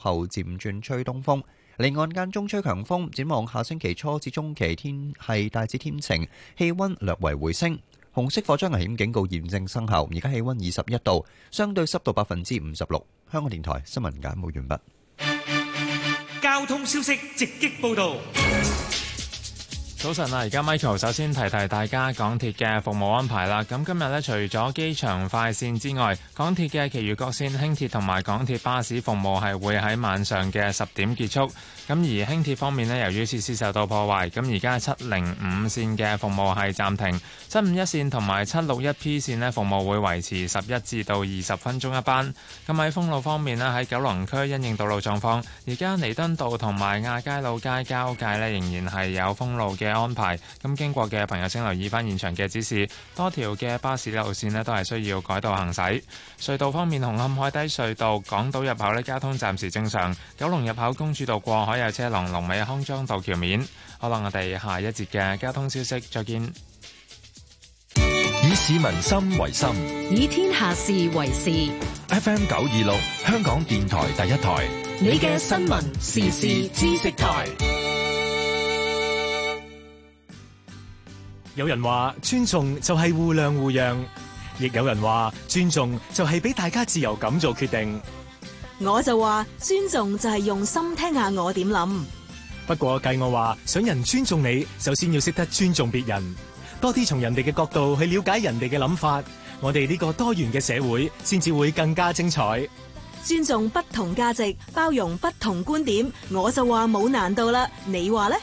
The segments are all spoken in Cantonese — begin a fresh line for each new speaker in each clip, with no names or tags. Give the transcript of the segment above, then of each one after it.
後漸轉吹東風，離岸間中吹強風。展望下星期初至中期，天氣大致天晴，氣溫略為回升。紅色火災危險警告現正生效，而家氣溫二十一度，相對濕度百分之五十六。香港電台新聞簡報完畢。
交通消息直擊報道。
早晨啊！而家 Michael 首先提提大家港鐵嘅服務安排啦。咁今日咧，除咗機場快線之外，港鐵嘅其餘各線輕鐵同埋港鐵巴士服務係會喺晚上嘅十點結束。咁而輕鐵方面呢，由於設施受到破壞，咁而家七零五線嘅服務係暫停，七五一線同埋七六一 P 線呢，服務會維持十一至到二十分鐘一班。咁喺封路方面呢，喺九龍區因應道路狀況，而家彌敦道同埋亞皆老街交界呢，仍然係有封路嘅安排。咁經過嘅朋友請留意翻現場嘅指示，多條嘅巴士路線呢，都係需要改道行駛。隧道方面，紅磡海底隧道港島入口呢，交通暫時正常，九龍入口公主道過海有車龍，龍尾康莊道橋面，可能我哋下一節嘅交通消息再見。以市民心為心，以天下事為事。FM 九二六，香港電台第一台，你嘅新聞時事知識台。
有人話尊重就係互諒互讓，亦有人話尊重就係俾大家自由咁做決定。
我就話尊
重就係用心聽下我點諗。不過計我話想人尊重你，首先要識得尊重別人，多啲從人哋嘅角度去了解人哋嘅諗法。我哋呢個多元嘅社會，先至會更加精彩。
尊重不同價值，包
容不同觀點，我就話冇難度啦。你話呢？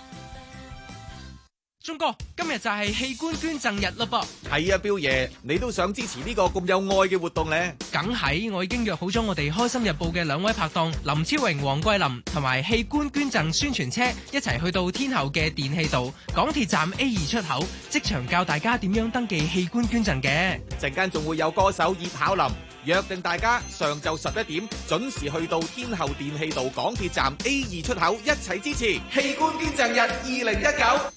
中哥，今日就係器官捐贈日咯，噃，啊，係啊，彪爺，你都想支持呢個咁有愛嘅活動咧？梗係，我已經約好咗我哋《開心日報》嘅兩位拍檔林超榮、
黃桂林，同埋器官捐贈宣傳車一齊去到天后嘅電氣道港鐵站 A 二出口，即場教大家點樣登記器官捐贈嘅。
陣間仲會有歌手葉巧琳，約定大家上晝十一點準時去到天后電氣道港鐵站 A 二出口，一齊支持器官捐贈日二零一九。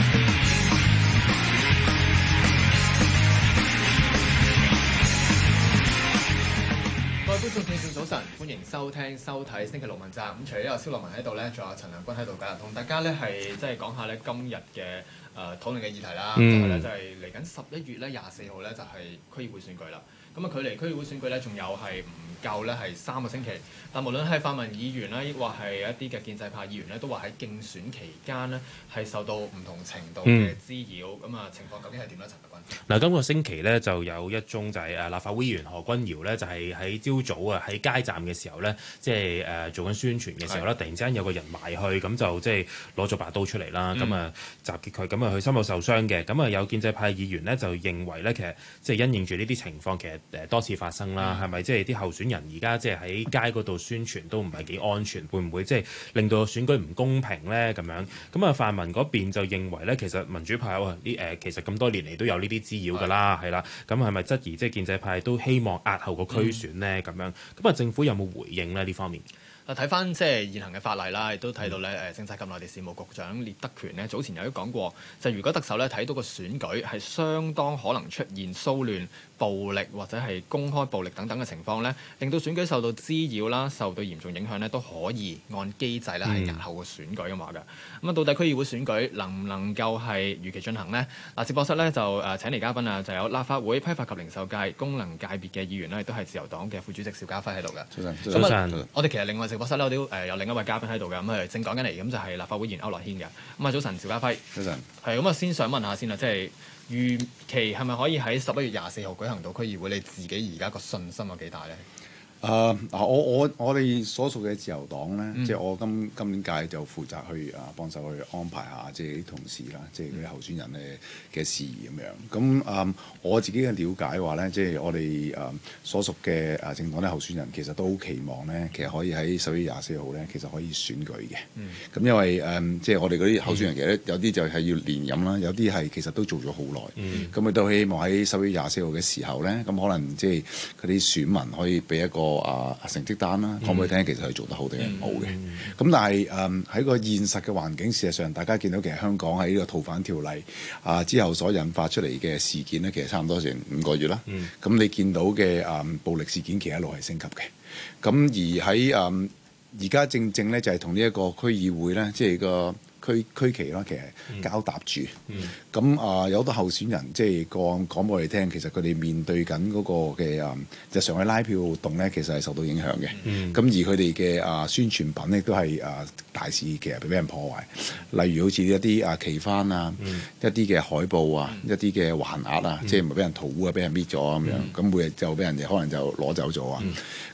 各位觀眾，聽眾早晨，歡迎收聽、收睇《星期六問責》文。咁除咗有蕭洛汶喺度咧，仲有陳亮均喺度噶，同大家咧係即係講下咧今日嘅誒討論嘅議題啦。咁咧、嗯、就係嚟緊十一月咧廿四號咧就係、是、區議會選舉啦。咁啊，距離區議會選舉咧仲有係唔夠咧係三個星期。但係無論係泛民議員啦，亦或係一啲嘅建制派議員咧，都話喺競選期間呢，係受到唔同程度嘅滋擾。咁啊，情況究竟係點咧？陳
嗱，今個星期呢，就有一宗就係、是、誒立法會議員何君堯呢。就係喺朝早啊喺街站嘅時候呢，即係誒、呃、做緊宣傳嘅時候呢，突然之間有個人埋去，咁就即係攞咗把刀出嚟啦，咁啊襲擊佢，咁啊佢心口受傷嘅，咁啊有建制派議員呢，就認為呢，其實即係因應住呢啲情況，其實誒多次發生啦，係咪即係啲候選人而家即係喺街嗰度宣傳都唔係幾安全，會唔會即係令到選舉唔公平呢？咁樣，咁啊泛民嗰邊就認為呢，其實民主派喎啲其實咁、呃、多年嚟都有呢。啲滋擾噶啦，係啦，咁係咪質疑即係建制派都希望壓後個區選呢？咁樣咁啊，政府有冇回應呢？呢方面，啊， 睇翻即係現行嘅法例啦，亦都
睇到咧誒，政制及內地事務局長列德權呢，早前有都講過，就如果特首咧睇到個選舉係相當可能出現騷亂。 暴力或者係公開暴力等等嘅情況咧，令到選舉受到滋擾啦，受到嚴重影響咧，都可以按機制咧押後個選舉㗎嘛。嘅。咁到底區議會選舉能唔能夠係如期進行咧？嗱，直播室咧就誒請嚟嘉賓啊，就有立法會批發及零售界功能界別嘅議員咧，都係自由黨嘅副主席邵家輝喺度㗎。早晨，早晨。那生我哋其實另外直播室咧，我哋都誒有另一位嘉賓喺度㗎，咁啊正講緊嚟，咁就係立法會議員區諾軒㗎。咁啊，早晨，邵家輝。早晨生。係咁啊，先想問下先啊，即係。預期係咪可以喺十一月廿四號舉行到區議會？你自己而家個信心有幾
大呢？誒嗱、uh，我我我哋所屬嘅自由黨咧，嗯、即係我今今年屆就負責去啊幫手去安排下，即係啲同事啦，即係嗰啲候選人嘅嘅事宜咁樣。咁誒、嗯、我自己嘅了解話咧，即係我哋誒所屬嘅誒政黨嘅候選人其實都好期望咧，其實可以喺十一月廿四號咧，其實可以選舉嘅。咁、嗯、因為誒、嗯，即係我哋嗰啲候選人其實有啲就係要連任啦，有啲係其實都做咗好耐。咁佢都希望喺十一月廿四號嘅時候咧，咁可能即係佢啲選民可以俾一個。啊成績單啦，可唔可以聽？Hmm. 其實佢做得好定係唔好嘅？咁、mm hmm. 但係誒喺個現實嘅環境，事實上大家見到其實香港喺呢個逃犯條例啊之後所引發出嚟嘅事件咧，其實差唔多成五個月啦。咁你見到嘅誒暴力事件，其實，mm hmm. 嗯、其實一路係升級嘅。咁而喺誒而家正正咧，就係、是、同呢一個區議會咧，即係個。區區旗啦，其實交搭住，咁啊有好多候選人，即係講講俾我哋聽，其實佢哋面對緊嗰個嘅啊日常嘅拉票活動咧，其實係受到影響嘅。咁而佢哋嘅啊宣傳品咧都係啊大肆，其實俾人破壞，例如好似一啲啊旗幡啊，一啲嘅海報啊，一啲嘅橫額啊，即係唔係俾人塗污啊，俾人搣咗咁樣，咁每日就俾人哋可能就攞走咗啊。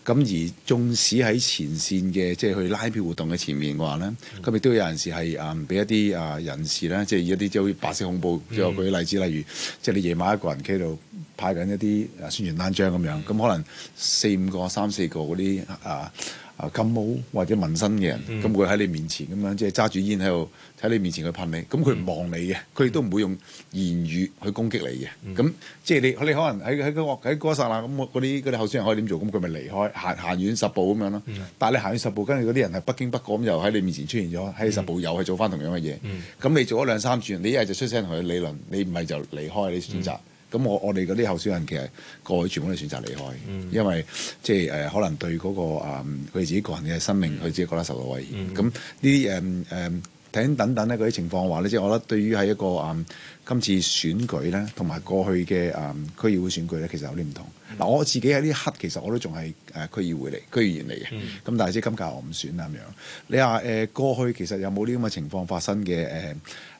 咁而縱使喺前線嘅即係去拉票活動嘅前面嘅話咧，咁亦都有陣時係啊。唔俾一啲啊、呃、人士啦，即係一啲即係好似白色恐怖，即係我舉例子，例如、嗯、即係你夜晚一個人企喺度派緊一啲啊宣傳單張咁樣，咁、嗯、可能四五個、三四個嗰啲啊啊金毛或者紋身嘅人，咁佢喺你面前咁樣，即係揸住煙喺度。喺你面前去噴你，咁佢唔望你嘅，佢亦都唔會用言語去攻擊你嘅。咁、嗯、即係你，你可能喺喺個喺嗰一剎那咁，嗰啲嗰啲候選人可以點做？咁佢咪離開，行行遠十步咁樣咯。嗯、但係你行遠十步，跟住嗰啲人係不經不覺咁，又喺你面前出現咗，喺十步又去做翻同樣嘅嘢。咁、嗯、你做咗兩三次，你一係就出聲同佢理論，你唔係就離開你選擇。咁、嗯、我我哋嗰啲候選人其實過去全部都選擇離開，嗯、因為即係誒、呃、可能對嗰、嗰個佢、嗯、自己個人嘅生命，佢自己覺得受到威脅。咁呢啲誒誒。嗯等等咧嗰啲情況嘅話咧，即係我覺得對於喺一個啊、嗯、今次選舉咧，同埋過去嘅啊、嗯、區議會選舉咧，其實有啲唔同。嗱、嗯、我自己喺呢刻其實我都仲係誒區議會嚟區議員嚟嘅，咁、嗯、但係即係今屆我唔選啦咁樣。你話誒、呃、過去其實有冇呢啲咁嘅情況發生嘅？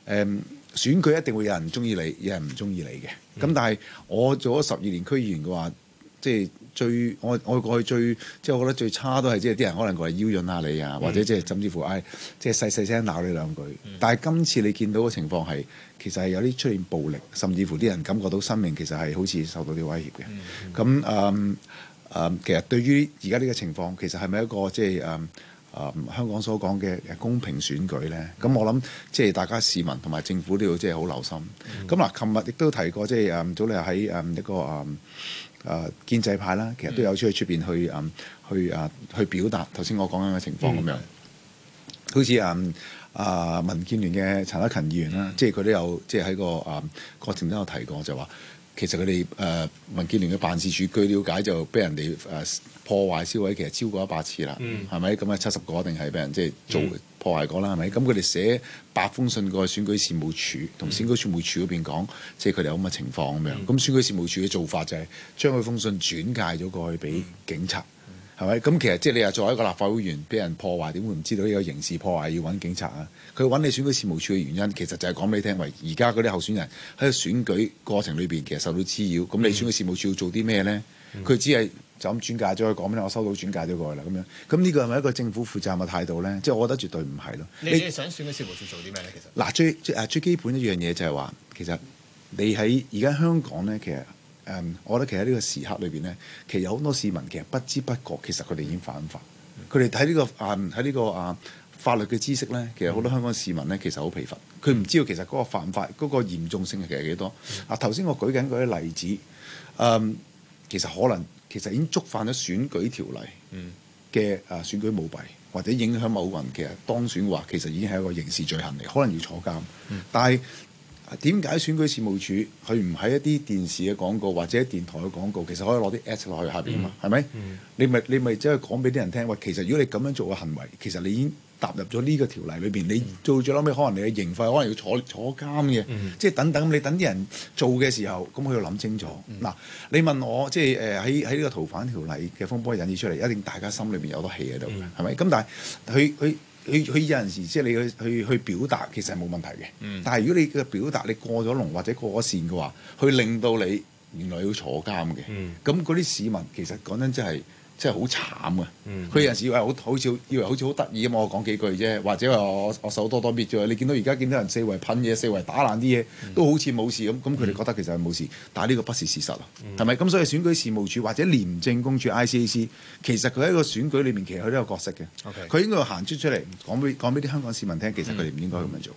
誒誒、選舉一定會有人中意你，有人唔中意你嘅。咁、嗯、但係我做咗十二年區議員嘅話。即係最我我過去最即係我覺得最差都係即係啲人可能過嚟邀引下你啊，mm hmm. 或者即係甚至乎唉，即係細細聲鬧你兩句。Mm hmm. 但係今次你見到嘅情況係其實係有啲出現暴力，甚至乎啲人感覺到生命其實係好似受到啲威脅嘅。咁啊啊，其實對於而家呢個情況，其實係咪一個即係啊啊香港所講嘅公平選舉咧？咁、mm hmm. 嗯、我諗即係大家市民同埋政府都要即係好留心、mm。咁、hmm. 嗱，琴日亦都提過，即係啊早前喺啊一個啊。嗯嗯嗯誒、呃、建制派啦，其實都有出去出邊去、呃、去誒、呃、去表達。頭先我講緊嘅情況咁樣，好似誒誒民建聯嘅陳德勤議員啦、嗯，即係佢都有即係喺個誒、呃、過程都有提過，就話其實佢哋誒民建聯嘅辦事處據了解就畀人哋誒。呃破壞銷毀其實超過、嗯、是是一百次啦，係咪咁啊？七十個定係俾人即係做、嗯、破壞過啦，係咪咁佢哋寫八封信過去選舉事務處同、嗯、選舉事務處嗰邊講，即係佢哋有咁嘅情況咁樣。咁、嗯、選舉事務處嘅做法就係將佢封信轉介咗過去俾警察，係咪、嗯？咁其實即係、就是、你又作為一個立法會員，俾人破壞，點會唔知道呢個刑事破壞要揾警察啊？佢揾你選舉事務處嘅原因，其實就係講俾你聽，喂、呃，而家嗰啲候選人喺個選舉過程裏邊，其實受到滋擾。咁你選舉事務處要做啲咩咧？佢、嗯、只係。就咁轉介咗去講俾你，我收到轉介咗過去啦，咁樣咁呢個係咪一個政府負責嘅態度咧？即係我覺得絕對唔係咯。你想選嘅時候要做啲咩咧？你其實嗱最最基本一樣嘢就係話，其實你喺而家香港咧，其實誒我覺得其實呢個時刻裏邊咧，其實好多市民其實不知不覺，其實佢哋已經犯法。佢哋睇呢個啊喺呢個啊法律嘅知識咧，其實好多香港市民咧其實好疲憊，佢唔知道其實嗰個犯法嗰個嚴重性其實幾多。嗱頭先我舉緊嗰啲例子誒，嗯，其實可能。其實已經觸犯咗選舉條例嘅誒、嗯啊、選舉舞弊，或者影響某人其實當選話，其實已經係一個刑事罪行嚟，可能要坐監。嗯、但係點解選舉事務處佢唔喺一啲電視嘅廣告或者電台嘅廣告，其實可以攞啲 ads 落去下邊啊嘛？係咪？你咪你咪即係講俾啲人聽，話其實如果你咁樣做嘅行為，其實你已經。踏入咗呢個條例裏邊，你做最撚尾可能你嘅刑罰，可能要坐坐監嘅，嗯、即係等等。你等啲人做嘅時候，咁佢要諗清楚。嗱、嗯，你問我，即係誒喺喺呢個逃犯條例嘅風波引致出嚟，一定大家心裏邊有好多氣喺度，係咪、嗯？咁但係佢佢佢佢有陣時即係、就是、你去去去表達，其實冇問題嘅。嗯、但係如果你嘅表達你過咗龍或者過咗線嘅話，去令到你原來要坐監嘅。咁嗰啲市民其實講真即係、就是。真係好慘啊。佢、嗯、有陣時以為好，似以為好似好得意咁我講幾句啫，或者話我我手多多搣住，你見到而家見到人四圍噴嘢，四圍打爛啲嘢，嗯、都好似冇事咁。咁佢哋覺得其實係冇事，嗯、但係呢個不是事實啊，係咪、嗯？咁所以選舉事務處或者廉政公署 ICAC，其實佢喺一個選舉裏面其實佢都有角色嘅。佢 Okay. 應該行出出嚟講俾講俾啲香港市民聽，其實佢哋唔應該咁樣做。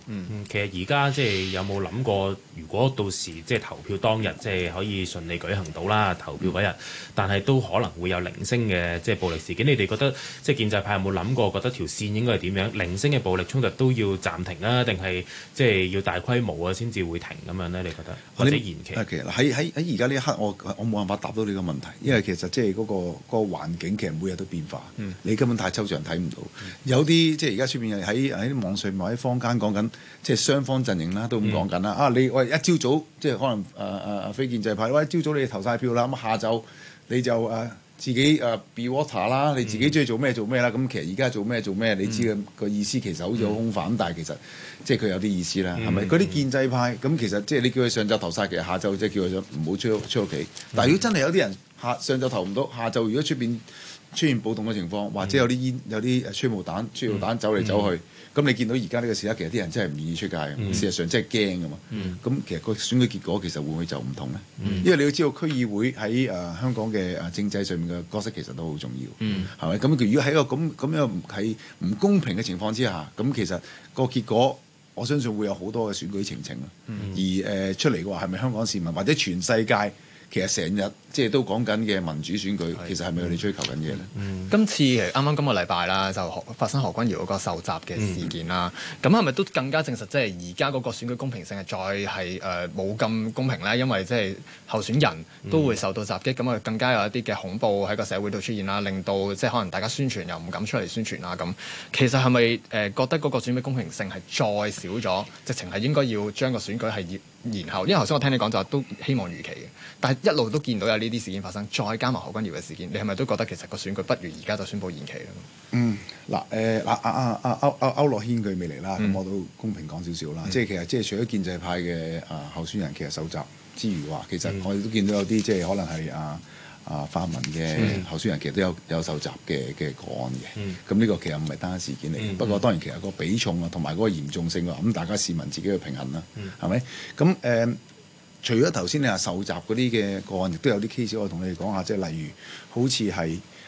其實而家即係有冇諗過，如果到時即係、就是、投票當日即係、就是、可以順利舉行到啦，投票嗰日，但係都可能會有零星嘅即係暴力事件，你哋覺得即係建制派有冇諗過？覺得條線應該係點樣？零星嘅暴力衝突都要暫停啦，定係即係要大規模啊先至會停咁樣咧？你覺得或者延期？其實喺
喺喺而家呢一刻，我我冇辦法答到你個問題，因為其實即係嗰個嗰、嗰個、環境其實每日都變化。嗯、你根本太抽象睇唔到有啲即係而家出邊喺喺網上或者坊間講緊，即係雙方陣營啦，都咁講緊啦。啊，你喂一朝早，早即係可能啊啊、呃、非建制派，一朝早，早你投晒票啦，咁、嗯、下晝你就啊～自己誒、uh, be water 啦、嗯，你自己中意做咩做咩啦。咁、嗯、其實而家做咩做咩，嗯、你知個個意思其實好似好空泛，嗯、但係其實即係佢有啲意思啦，係咪、嗯？嗰啲、嗯、建制派咁、嗯、其實即係你叫佢上晝投晒，其實下晝即係叫佢唔好出出屋企。嗯、但係如果真係有啲人下上晝投唔到，下晝如果出面，出現暴動嘅情況，或者有啲煙，有啲催淚彈，催淚彈走嚟走去，咁、嗯、你見到而家呢個時刻，其實啲人真係唔願意出街、嗯、事實上真係驚㗎嘛。咁、嗯、其實個選舉結果其實會唔會就唔同咧？嗯、因為你要知道區議會喺誒香港嘅政制上面嘅角色其實都好重要，係咪、嗯？咁如果喺一個咁咁樣唔唔公平嘅情況之下，咁其實個結果我相信會有好多嘅選舉情情、嗯嗯、而誒出嚟嘅話係咪香港市民或者全世界？其實成日即係都講緊嘅民主選舉，是其實係咪佢哋追求緊嘢咧？嗯嗯、今次啱啱今個禮拜啦，就學發生何君瑤何君堯嗰個受襲嘅事
件啦。咁係咪都更加證實即係而家嗰個選舉公平性係再係誒冇咁公平咧？因為即係候選人都會受到襲擊，咁啊、嗯、更加有一啲嘅恐怖喺個社會度出現啦，令到即係可能大家宣傳又唔敢出嚟宣傳啦。咁。其實係咪誒覺得嗰個選舉公平性係再少咗？直情係應該要將個選舉係？然後，因為頭先我聽你講就都希望如期嘅，但係一路都見到有呢啲事件發生，再加埋何君堯嘅事件，你係咪都覺得
其實個選舉不如而家就宣布延期咧？嗯，嗱，誒嗱阿阿阿歐阿區諾軒佢未嚟啦，咁我都公平講少少啦。即係其實即係除咗建制派嘅啊候選人其實受襲之餘話，其實我哋都見到有啲即係可能係啊。啊，泛民嘅候選人其實都有有受襲嘅嘅個案嘅，咁呢個其實唔係單一事件嚟嘅。不過當然其實個比重啊，同埋嗰個嚴重性啊，咁大家市民自己去平衡啦、啊，係咪、嗯？咁誒、呃，除咗頭先你話受集受襲嗰啲嘅個案，亦都有啲 case 我同你哋講下，即係例如好似係，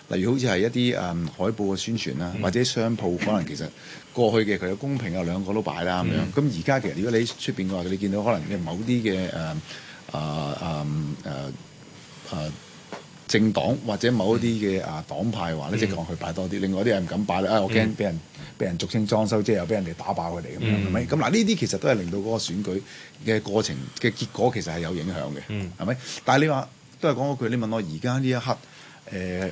例如好似係一啲誒、嗯、海報嘅宣傳啦、啊，嗯、或者商鋪可能其實過去嘅佢有公平啊兩個都擺啦咁樣。咁而家其實如果你出邊嘅話，你見到可能嘅某啲嘅誒啊啊誒政黨或者某一啲嘅啊黨派話咧，嗯、即講去擺多啲，嗯、另外啲人唔敢擺啦，啊、哎、我驚俾人俾、嗯、人俗稱裝修，即係又俾人哋打爆佢哋咁樣，係咪？咁嗱呢啲其實都係令到嗰個選舉嘅過程嘅結果其實係有影響嘅，係咪、嗯？但係你話都係講嗰句，你問我而家呢一刻誒？呃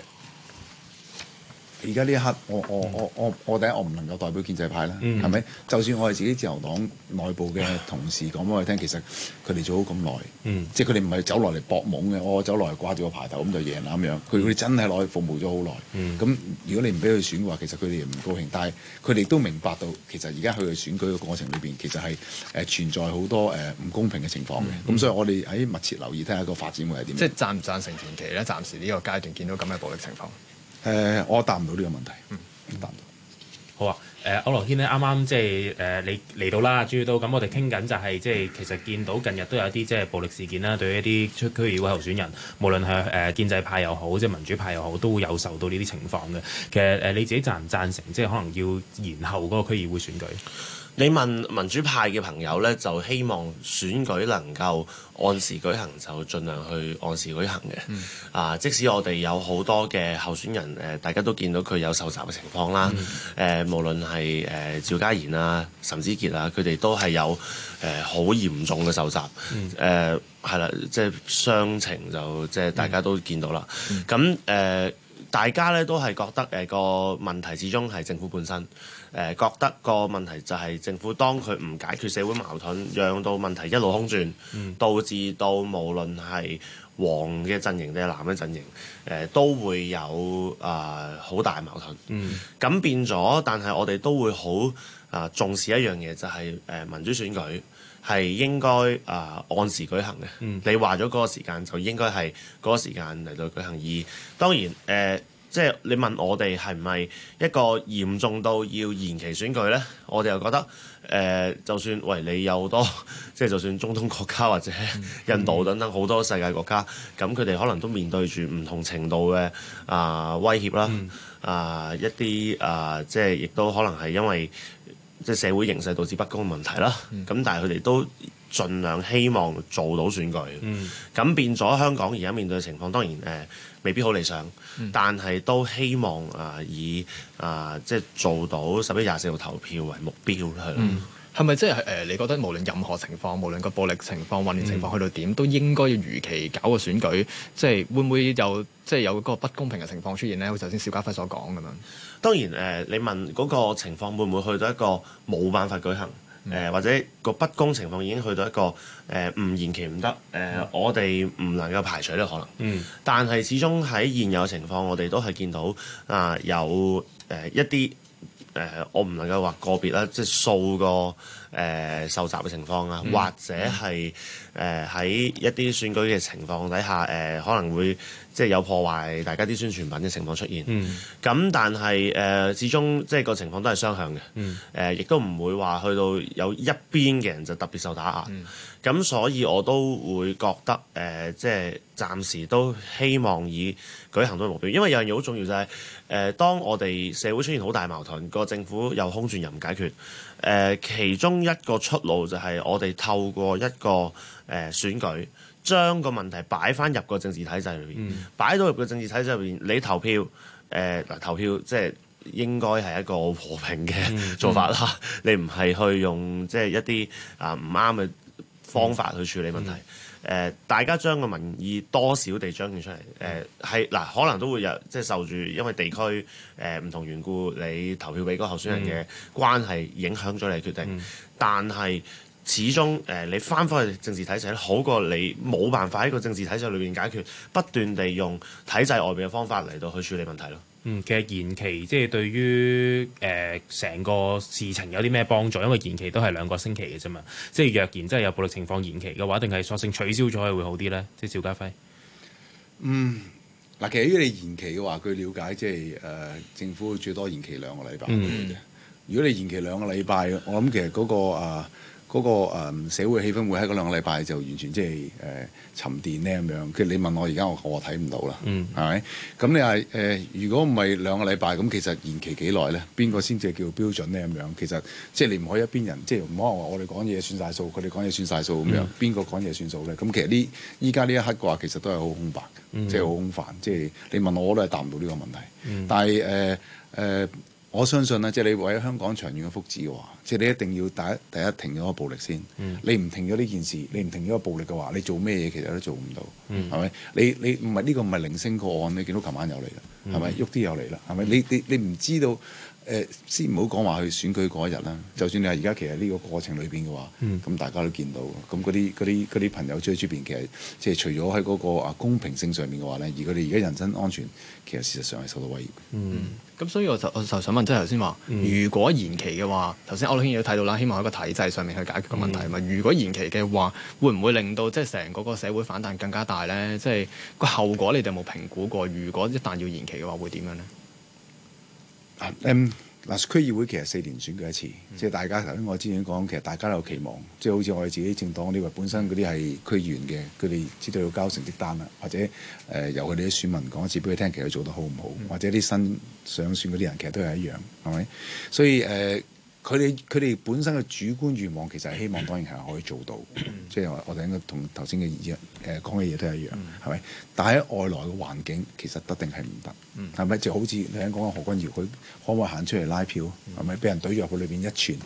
而家呢一刻，我我我我我第一我唔能夠代表建制派啦，係咪、嗯？就算我係自己自由黨內部嘅同事講俾我聽，其實佢哋做咗咁耐，嗯、即係佢哋唔係走落嚟搏懵嘅，我、哦、走落嚟掛住個牌頭咁就贏啦咁樣。佢佢真係攞去服務咗好耐，咁、嗯、如果你唔俾佢選嘅話，其實佢哋唔高興。但係佢哋都明白到，其實而家佢哋選舉嘅過程裏邊，其實係誒、呃、存在好多誒唔、呃、公平嘅情況嘅。咁、嗯、所以我哋喺密切留意，睇下個發展會係點。即係
贊唔贊成前期咧？暫時呢個階段見到咁嘅暴力情
況。誒、呃，我答唔到呢個問題。嗯，答唔到。好啊，誒、呃、區諾軒咧，啱啱
即係誒你嚟到啦，終於都。咁我哋傾緊就係即係其實見到近日都有一啲即係暴力事件啦，對於一啲出區議會候選人，無論係誒、呃、建制派又好，即、就、係、是、民主派又好，都會有受到呢啲情況嘅。其實誒、呃、你自己贊唔贊成，即、就、係、是、可能要延後嗰個區議會選
舉？你問民主派嘅朋友咧，就希望選舉能夠按時舉行，就盡量去按時舉行嘅。嗯、啊，即使我哋有好多嘅候選人，誒、呃，大家都見到佢有受襲嘅情況啦。誒、嗯呃，無論係誒、呃、趙嘉賢啊、岑子杰啊，佢哋都係有誒好、呃、嚴重嘅受襲。誒、嗯，係、呃、啦，即係傷情就即係大家都見到啦。咁誒、嗯。嗯大家咧都係覺得誒、呃、個問題始終係政府本身，誒、呃、覺得個問題就係政府當佢唔解決社會矛盾，讓到問題一路空轉，嗯、導致到無論係黃嘅陣營定係藍嘅陣營，誒、呃、都會有啊好、呃、大矛盾。咁、嗯、變咗，但係我哋都會好啊、呃、重視一樣嘢，就係、是、誒、呃、民主選舉。係應該啊、呃，按時舉行嘅。嗯、你話咗嗰個時間，就應該係嗰個時間嚟到舉行。而當然誒、呃，即係你問我哋係唔係一個嚴重到要延期選舉呢？我哋又覺得誒、呃，就算喂你有好多，即係就算中東國家或者印度等等好多世界國家，咁佢哋可能都面對住唔同程度嘅啊、呃、威脅啦，啊、嗯呃、一啲啊、呃，即係亦都可能係因為。即係社會形勢導致不公嘅問題啦，咁、嗯、但係佢哋都盡量希望做到選舉，咁、嗯、變咗香港而家面對嘅情況，當然誒、呃、未必好理想，嗯、但係都希望啊、呃、以啊、呃、即係做到十一廿四號投票為目標啦。係咪即係誒？你覺得無論任何情況，無論個暴力情況、混亂情況去到
點，嗯、都應該要如期搞個選舉？即、就、係、是、會唔會有即係、就是、有個不公平嘅情況出現咧？好似頭先邵家輝所講咁樣。
當然，誒、呃、你問嗰個情況會唔會去到一個冇辦法舉行，誒、嗯呃、或者個不公情況已經去到一個誒唔延期唔得，誒、呃、好我哋唔能夠排除呢個可能。嗯。但係始終喺現有嘅情況，我哋都係見到啊、呃、有誒、呃、一啲誒、呃、我唔能夠話個別啦，即、就、係、是、數個誒、呃、受襲嘅情況啊，嗯、或者係誒喺一啲選舉嘅情況底下誒、呃、可能會。即係有破壞大家啲宣傳品嘅情況出現，咁、嗯、但係誒、呃，始終即係、這個情況都係雙向嘅，誒亦、嗯呃、都唔會話去到有一邊嘅人就特別受打壓，咁、嗯、所以我都會覺得誒、呃，即係暫時都希望以舉行到目標，因為有樣嘢好重要就係誒，當我哋社會出現好大矛盾，個政府又空轉又唔解決，誒、呃、其中一個出路就係我哋透過一個誒、呃呃、選舉。將個問題擺翻入個政治體制裏面，擺到、嗯、入個政治體制入面，你投票，誒、呃，投票即係應該係一個和平嘅做法啦。嗯嗯、 你唔係去用即係、就是、一啲啊唔啱嘅方法去處理問題。誒、嗯嗯呃，大家將個民意多少地表現出嚟。誒、呃，係嗱、呃，可能都會有即係、就是、受住，因為地區誒唔同緣故，你投票俾個候選人嘅關係影響咗你決定，嗯嗯嗯、但係，始終誒，你翻返去政治體制咧，好過你冇辦法喺個政治體制裏邊解決，不斷地用體制外邊嘅方法嚟到去處理問題咯。嗯，
其實延期即係對於誒成個事情有啲咩幫助？因為延期都係兩個星期嘅啫嘛。即係若然真係有暴力情況延期嘅話，定係索性取消咗係會好啲咧？即係邵家輝。嗯，
嗱，其實於你延期嘅話，據了解即係誒政府會最多延期兩個禮拜、嗯、如果你延期兩個禮拜，我諗其實嗰、那個啊～、呃嗰、那個、嗯、社會氣氛會喺嗰兩個禮拜就完全即係誒沉澱呢咁樣，跟住你問我而家我我睇唔到啦，係咪、嗯？咁你話誒、呃、如果唔係兩個禮拜，咁其實延期幾耐咧？邊個先至叫標準咧咁樣？其實即係你唔可以一邊人即係唔可能話我哋講嘢算晒數，佢哋講嘢算晒數咁樣，邊個講嘢算數咧？咁、嗯、其實呢依家呢一刻嘅話，其實都係好空白、嗯空，即係好空泛，即係你問我我都係答唔到呢個問題。嗯、但係誒誒。呃呃呃呃我相信咧，即係你為咗香港長遠嘅福祉嘅話，即係你一定要第一第一，第一停咗個暴力先。嗯、你唔停咗呢件事，你唔停咗個暴力嘅話，你做咩嘢其實都做唔到，係咪、嗯？你你唔係呢個唔係零星個案，你見到琴晚、嗯、又嚟啦，係咪？喐啲又嚟啦，係咪？你你你唔知道。誒，先唔好講話去選舉嗰一日啦。就算你係而家其實呢個過程裏邊嘅話，咁、嗯、大家都見到，咁嗰啲嗰啲啲朋友住喺出邊，其實即係除咗喺嗰個啊公平性上面嘅話咧，而佢哋而家人身安全其實事實上係受到威
脅。咁、嗯嗯、所以我就我就想問，即係頭先話如果延期嘅話，頭先區諾軒已睇到啦，希望喺個體制上面去解決個問題嘛。嗯、如果延期嘅話，會唔會令到即係成嗰個社會反彈更加大咧？即、就、係、是、個後果，你哋有冇評估過？如果一旦要延期嘅話，
會點樣咧？嗯，嗱，um, 區議會其實四年選舉一次，嗯、即係大家頭先我之前講，其實大家有期望，即係好似我哋自己政黨呢個，本身嗰啲係區議員嘅，佢哋知道要交成績單啦，或者誒、呃、由佢哋啲選民講一次俾佢聽，其實佢做得好唔好，嗯、或者啲新上選嗰啲人，其實都係一樣，係咪？所以誒。呃佢哋佢哋本身嘅主觀願望其實係希望，當然係可以做到。即係我哋應該同頭先嘅誒講嘅嘢都係一樣，係咪？但係喺外來嘅環境，其實得定係唔得，係咪？就好似你啱講緊何君堯，佢可唔可以行出嚟拉票？係咪？俾人懟入去裏邊一串，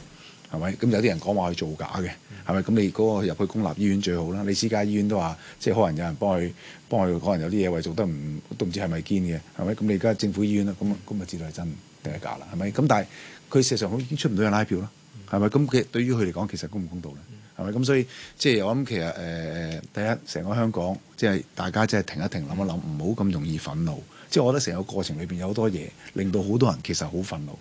係咪？咁有啲人講話去造假嘅，係咪？咁你嗰個入去公立醫院最好啦。你私家醫院都話，即係可能有人幫佢幫佢，可能有啲嘢為做得唔都唔知係咪堅嘅，係咪？咁你而家政府醫院啦，咁咁咪知道係真定係假啦，係咪？咁但係。佢事實上已經出唔到個拉票啦，係咪？咁嘅對於佢嚟講，其實公唔公道咧？係咪？咁所以即係我諗，其實誒誒、呃，第一成個香港即係大家即係停一停，諗一諗，唔好咁容易憤怒。即係我覺得成個過程裏邊有好多嘢，令到好多人其實好憤怒。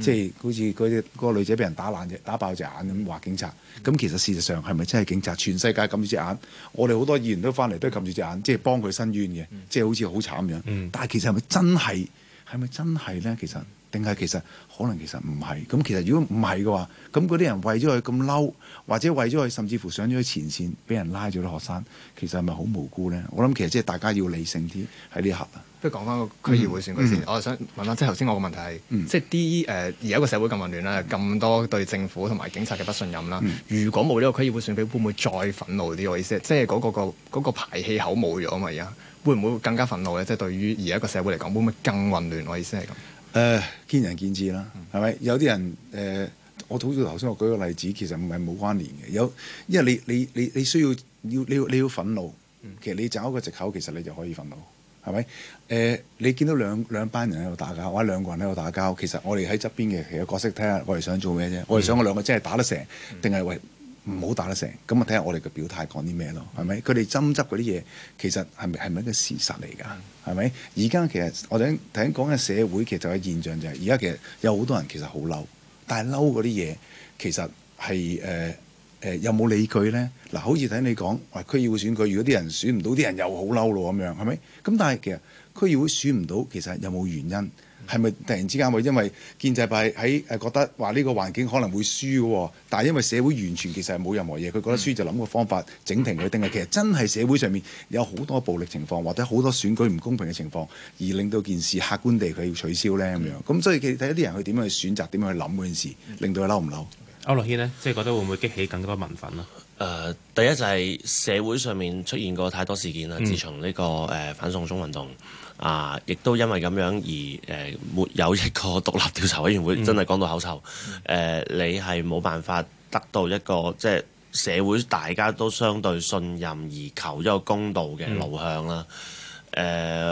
即係好似嗰隻個女仔俾人打爛隻打爆隻眼咁話警察，咁、嗯、其實事實上係咪真係警察全世界撳住隻眼？我哋好多議員都翻嚟都撳住隻眼，即係幫佢申冤嘅，即係、嗯、好似好慘樣。嗯、但係其實係咪真係係咪真係咧？其實？是定係其實可能其實唔係咁。其實如果唔係嘅話，咁嗰啲人為咗佢咁嬲，或者為咗佢，甚至乎上咗前線，俾人拉咗啲學生，其實係咪好無辜呢？我諗其實即係大家要理性啲喺呢一刻。嗯，不如講翻個區議會選舉先，
我係想問翻，即係頭先我個問題係即係而家個社會咁混亂啦，咁多對政府同埋警察嘅不信任啦。如果冇呢個區議會選舉，會唔會再憤怒啲？我意思即係嗰個嗰個嗰個排氣口冇咗啊嘛。而家會唔會更加憤怒呢？即係對於而家個社會嚟講，會唔會更
混亂？我意思係咁。誒、呃，見仁見智啦，係咪、嗯？有啲人誒、呃，我好似頭先我舉個例子，其實唔係冇關聯嘅。有，因為你你你你需要你要你要你要憤怒，嗯、其實你找一個藉口，其實你就可以憤怒，係咪？誒、呃，你見到兩兩班人喺度打交，或者兩個人喺度打交，其實我哋喺側邊嘅，其實角色睇下我哋想做咩啫？嗯、我哋想我兩個真係打得成，定係為唔好打得成？咁啊，睇下我哋嘅表態講啲咩咯，係咪？佢哋針執嗰啲嘢，其實係咪係咪一個事實嚟㗎？嗯嗯係咪？而家其實我哋頭先講嘅社會其實嘅現象就係，而家其實有好多人其實好嬲，但係嬲嗰啲嘢其實係誒誒有冇理據咧？嗱，好似睇你講話、呃、區議會選舉，如果啲人選唔到，啲人又好嬲咯咁樣，係咪？咁但係其實區議會選唔到，其實有冇原因？係咪突然之間會因為建制派喺誒覺得話呢個環境可能會輸喎？但係因為社會完全其實係冇任何嘢，佢覺得輸就諗個方法整停佢，定係其實真係社會上面有好多暴力情況，或者好多選舉唔公平嘅情況，而令到件事客觀地佢要取消咧咁樣。咁所以睇一啲人去點樣去選擇，點樣去諗嗰件事，令到佢嬲唔嬲？
區諾軒呢，即係覺得會唔會激起更多民憤咯？誒、呃，第一就係社會上面出現過太多事件啦。自從呢、這個誒、呃、反送中運動。啊！亦都因為咁樣而誒、呃，沒有一個獨立調查委員會，嗯、真係講到口臭。誒、呃，你係冇辦法得到一個即係社會大家都相對信任而求一個公道嘅路向啦。誒、嗯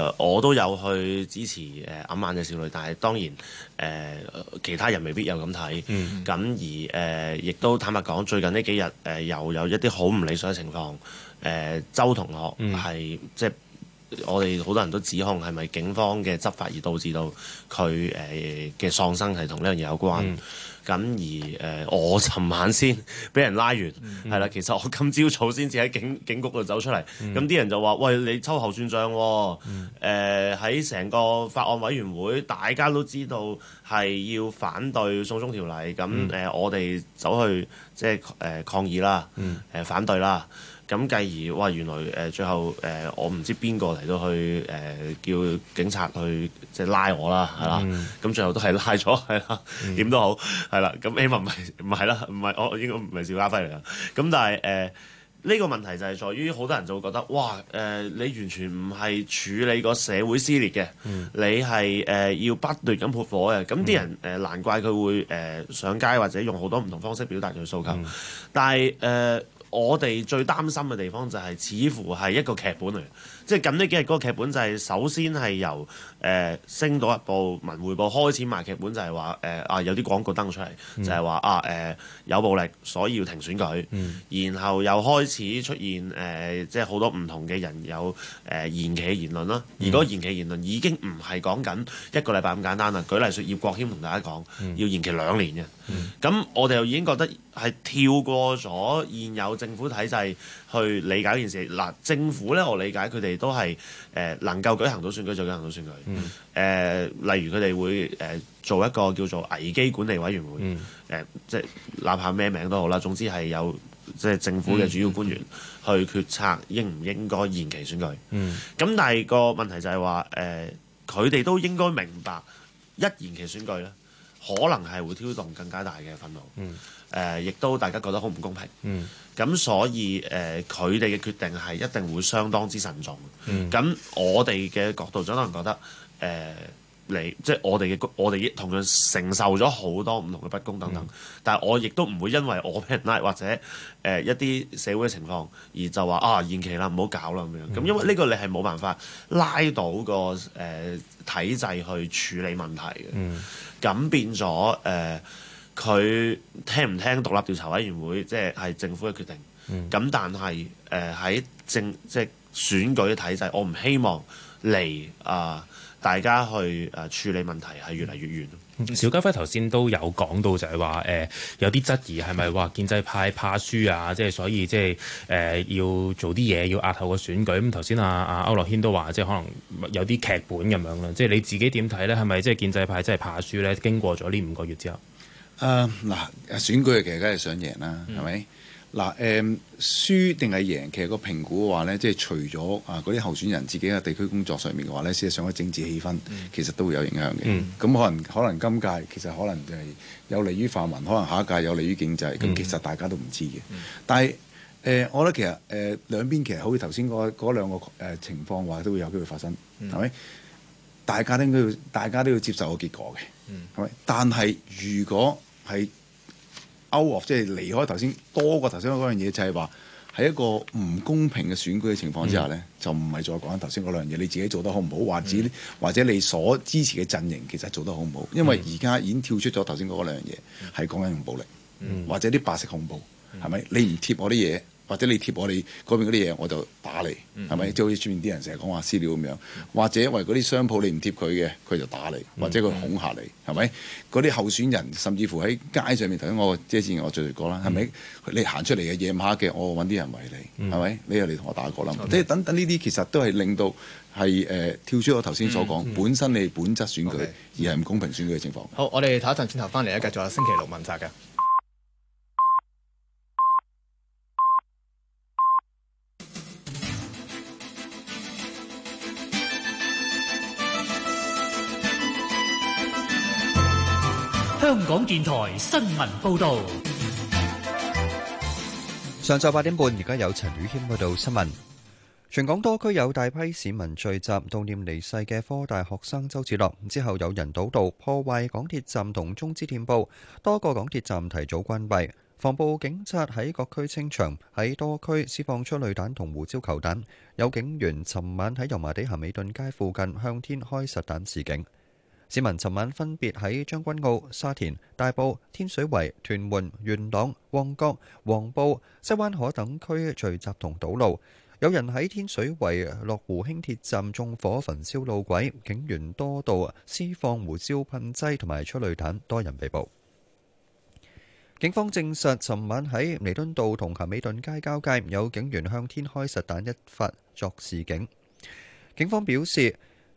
呃，我都有去支持誒揞、呃、眼嘅少女，但係當然誒、呃、其他人未必有咁睇。咁、嗯、而誒、呃，亦都坦白講，最近呢幾日誒、呃，又有一啲好唔理想嘅情況。誒、呃，周同學係即係。嗯我哋好多人都指控係咪警方嘅執法而導致到佢誒嘅喪生係同呢樣嘢有關？咁、嗯、而誒、呃、我尋晚先俾人拉完，係啦、嗯嗯，其實我今朝早先至喺警警局度走出嚟，咁啲、嗯、人就話：喂，你秋後算賬喎、哦！喺成、嗯呃、個法案委員會，大家都知道係要反對送中條例，咁誒、嗯嗯呃、我哋走去即係誒抗議啦，誒、呃、反對啦。咁繼而，哇！原來誒、呃、最後誒、呃，我唔知邊個嚟到去誒、呃、叫警察去即係拉我啦，係啦。咁、嗯、最後都係拉咗，係啦。點都好，係啦。咁起碼唔係唔係啦，唔係我應該唔係邵家輝嚟噶。咁但係誒呢個問題就係在於，好多人就會覺得，哇！誒、呃、你完全唔係處理個社會撕裂嘅，嗯、你係誒、呃、要不斷咁撥火嘅。咁啲人誒、呃、難怪佢會誒、呃、上街或者用好多唔同方式表達佢訴求，嗯、但係誒。呃呃呃我哋最擔心嘅地方就係，似乎係一個劇本嚟，即係近呢幾日嗰個劇本就係首先係由誒星島日報、文匯報開始賣劇本就，就係話誒啊有啲廣告登出嚟，嗯、就係話啊誒、呃、有暴力，所以要停選舉，嗯、然後又開始出現誒、呃、即係好多唔同嘅人有誒、呃、延期嘅言論啦。而嗰延期嘅言論已經唔係講緊一個禮拜咁簡單啦。舉例説葉國謙同大家講要延期兩年嘅，咁、嗯嗯、我哋又已經覺得係跳過咗現有。政府體制去理解呢件事，嗱，政府咧，我理解佢哋都係誒、呃、能夠舉行到選舉就舉行到選舉，誒、嗯呃、例如佢哋會誒、呃、做一個叫做危機管理委員會，誒、嗯呃、即係哪怕咩名都好啦，總之係有即係政府嘅主要官員去決策應唔應該延期選舉，咁、嗯嗯、但係個問題就係話誒佢哋都應該明白一延期選舉咧，可能係會挑動更加大嘅憤怒。嗯誒，亦、呃、都大家覺得好唔公平。嗯。咁所以誒，佢哋嘅決定係一定會相當之慎重。嗯。咁我哋嘅角度，可能覺得誒、呃，你即係、就是、我哋嘅我哋同樣承受咗好多唔同嘅不公等等。嗯、但係我亦都唔會因為我俾人拉或者誒、呃、一啲社會嘅情況而就話啊延期啦，唔好搞啦咁樣。咁、嗯、因為呢個你係冇辦法拉到個誒、呃、體制去處理問題嘅。咁變咗誒。嗯佢聽唔聽獨立調查委員會，即係係政府嘅決定咁。嗯、但係誒喺政即係選舉嘅體制，我唔希望離啊、呃、大家去誒處理問題係越嚟越遠。邵家輝頭先都有講到就，就係話誒有啲
質疑係咪話建制派怕輸啊？即係所以即係誒要做啲嘢，要押後個選舉咁。頭先啊啊區諾軒都話，即係可能有啲劇本咁樣咯。即係你自己點睇咧？係咪即係建制派真係怕輸咧？經過咗呢五個月之後。誒嗱，uh, 選舉啊，其實梗係
想贏啦，係咪？嗱誒，輸定係贏，其實個評估嘅話咧，即係除咗啊嗰啲候選人自己嘅地區工作上面嘅話咧，事實上嘅政治氣氛、嗯、其實都會有影響嘅。咁、嗯、可能可能今屆其實可能就係有利於泛民，可能下一屆有利於建制。咁其實大家都唔知嘅。嗯、但係誒、呃，我覺得其實誒、呃、兩邊其實好似頭先嗰嗰兩個情況話都會有機會發生，係咪、嗯？大家都要大家都要接受個結果嘅，係咪？但係如果係 out of 即係離開頭先多過頭先嗰樣嘢，就係話，係一個唔公平嘅選舉嘅情況之下咧，嗯、就唔係再講頭先嗰兩樣嘢。你自己做得好唔好，或者自、嗯、或者你所支持嘅陣營其實做得好唔好？因為而家已經跳出咗頭先嗰兩樣嘢，係、嗯、講緊用暴力，嗯、或者啲白色恐怖，係咪、嗯？你唔貼我啲嘢？或者你貼我哋嗰邊嗰啲嘢，我就打你，係咪？即係好似出面啲人成日講話私了咁樣。或者為嗰啲商鋪你唔貼佢嘅，佢就打你，或者佢恐嚇你，係咪？嗰啲候選人甚至乎喺街上面頭先我即時我再再講啦，係咪？你行出嚟嘅夜猛黑嘅，我揾啲人圍你，係咪？呢個你同我打過啦。即係等等呢啲其實都係令到係誒跳出我頭先所講本身你本質選舉而係唔公平選舉嘅情況。
好，我哋唞一陣轉頭翻嚟咧，繼續有星期六問責嘅。
香港電台新聞報道：
上晝八點半，而家有陳宇謙報道新聞。全港多區有大批市民聚集悼念離世嘅科大學生周梓樂，之後有人堵路破壞港鐵站同中資店舖，多個港鐵站提早關閉。防暴警察喺各區清場，喺多區施放催淚彈同胡椒球彈。有警員尋晚喺油麻地咸美頓街附近向天開實彈示警。市民尋晚分別喺將軍澳、沙田、大埔、天水圍、屯門、元朗、旺角、黃埔、西灣河等區聚集同堵路，有人喺天水圍樂湖輕鐵站縱火焚燒路軌，警員多度施放胡椒噴劑同埋催淚彈，多人被捕。警方證實，尋晚喺彌敦道同咸美頓街交界有警員向天開實彈一發作示警。警方表示。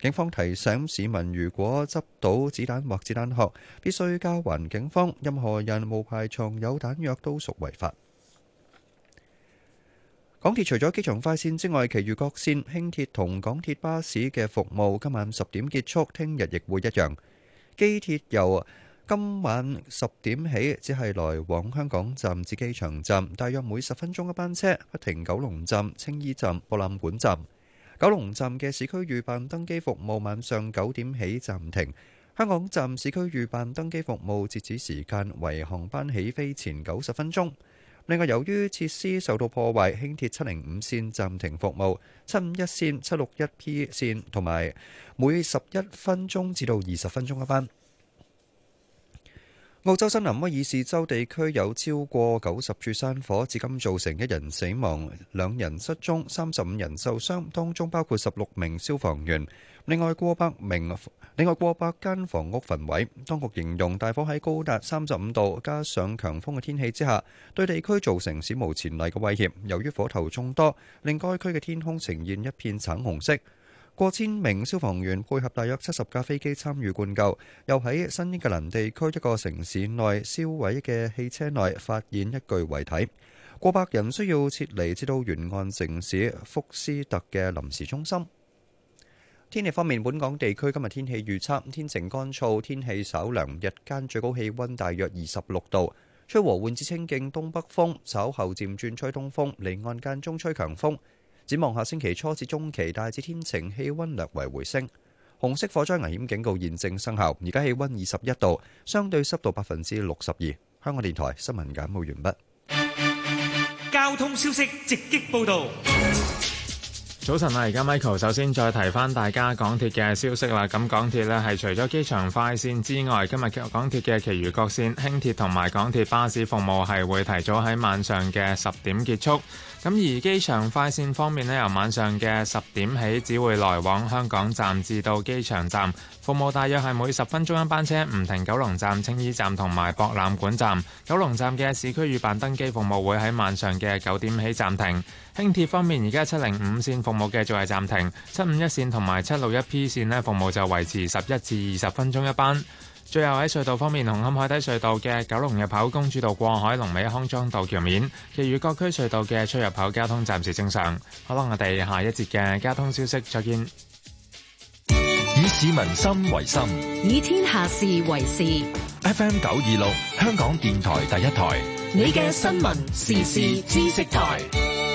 警方提醒市民，如果執到子彈或子彈殼，必須交還警方。任何人無牌藏有彈藥都屬違法。港鐵除咗機場快線之外，其餘各線輕鐵同港鐵巴士嘅服務今晚十點結束，聽日亦會一樣。機鐵由今晚十點起，只係來往香港站至機場站，大約每十分鐘一班車，不停九龍站、青衣站、博覽館站。九龍站嘅市區預辦登機服務晚上九點起暫停。香港站市區預辦登機服務截止時間為航班起飛前九十分鐘。另外，由於設施受到破壞，輕鐵七零五線暫停服務，七五一線、七六一 P 線同埋每十一分鐘至到二十分鐘一班。澳洲新南威爾士州地區有超過九十處山火，至今造成一人死亡、兩人失蹤、三十五人受傷，當中包括十六名消防員。另外過百名、另外過百間房屋焚毀。當局形容大火喺高達三十五度加上強風嘅天氣之下，對地區造成史無前例嘅威脅。由於火頭眾多，令該區嘅天空呈現一片橙紅色。過千名消防員配合大約七十架飛機參與灌救，又喺新英格蘭地區一個城市內燒毀嘅汽車內發現一具遺體，過百人需要撤離至到沿岸城市福斯特嘅臨時中心。天氣方面，本港地區今日天氣預測：天晴乾燥，天氣稍涼，日間最高氣溫大約二十六度，吹和緩至清勁東北風，稍後漸轉吹東風，離岸間中吹強風。展望下星期初至中期大致天晴，氣溫略為回升。紅色火災危險警告現正生效，而家氣溫二十一度，相對濕度百分之六十二。香港電台新聞簡報完畢。
交通消息直擊報道。
早晨啊！而
家 Michael 首先再提翻大家港鐵嘅消息啦。咁港鐵咧係除咗機場快綫之外，今日港鐵嘅其餘各綫、輕鐵同埋港鐵巴士服務係會提早喺晚上嘅十點結束。咁而機場快綫方面咧，由晚上嘅十點起，只會來往香港站至到機場站，服務大約係每十分鐘一班車，唔停九龍站、青衣站同埋博覽館站。九龍站嘅市區預辦登機服務會喺晚上嘅九點起暫停。輕鐵方面，而家七零五線服務繼續係暫停，七五一線同埋七六一 P 線咧服務就維持十一至二十分鐘一班。最後喺隧道方面，紅磡海底隧道嘅九龍入口、公主道過海龍尾、康莊道橋面，其餘各區隧道嘅出入口交通暫時正常。好啦，我哋下一節嘅交通消息，再見。以市民心為心，
以天下事為事。
FM 九二六，香港電台第一台，你
嘅新聞
時事知識台。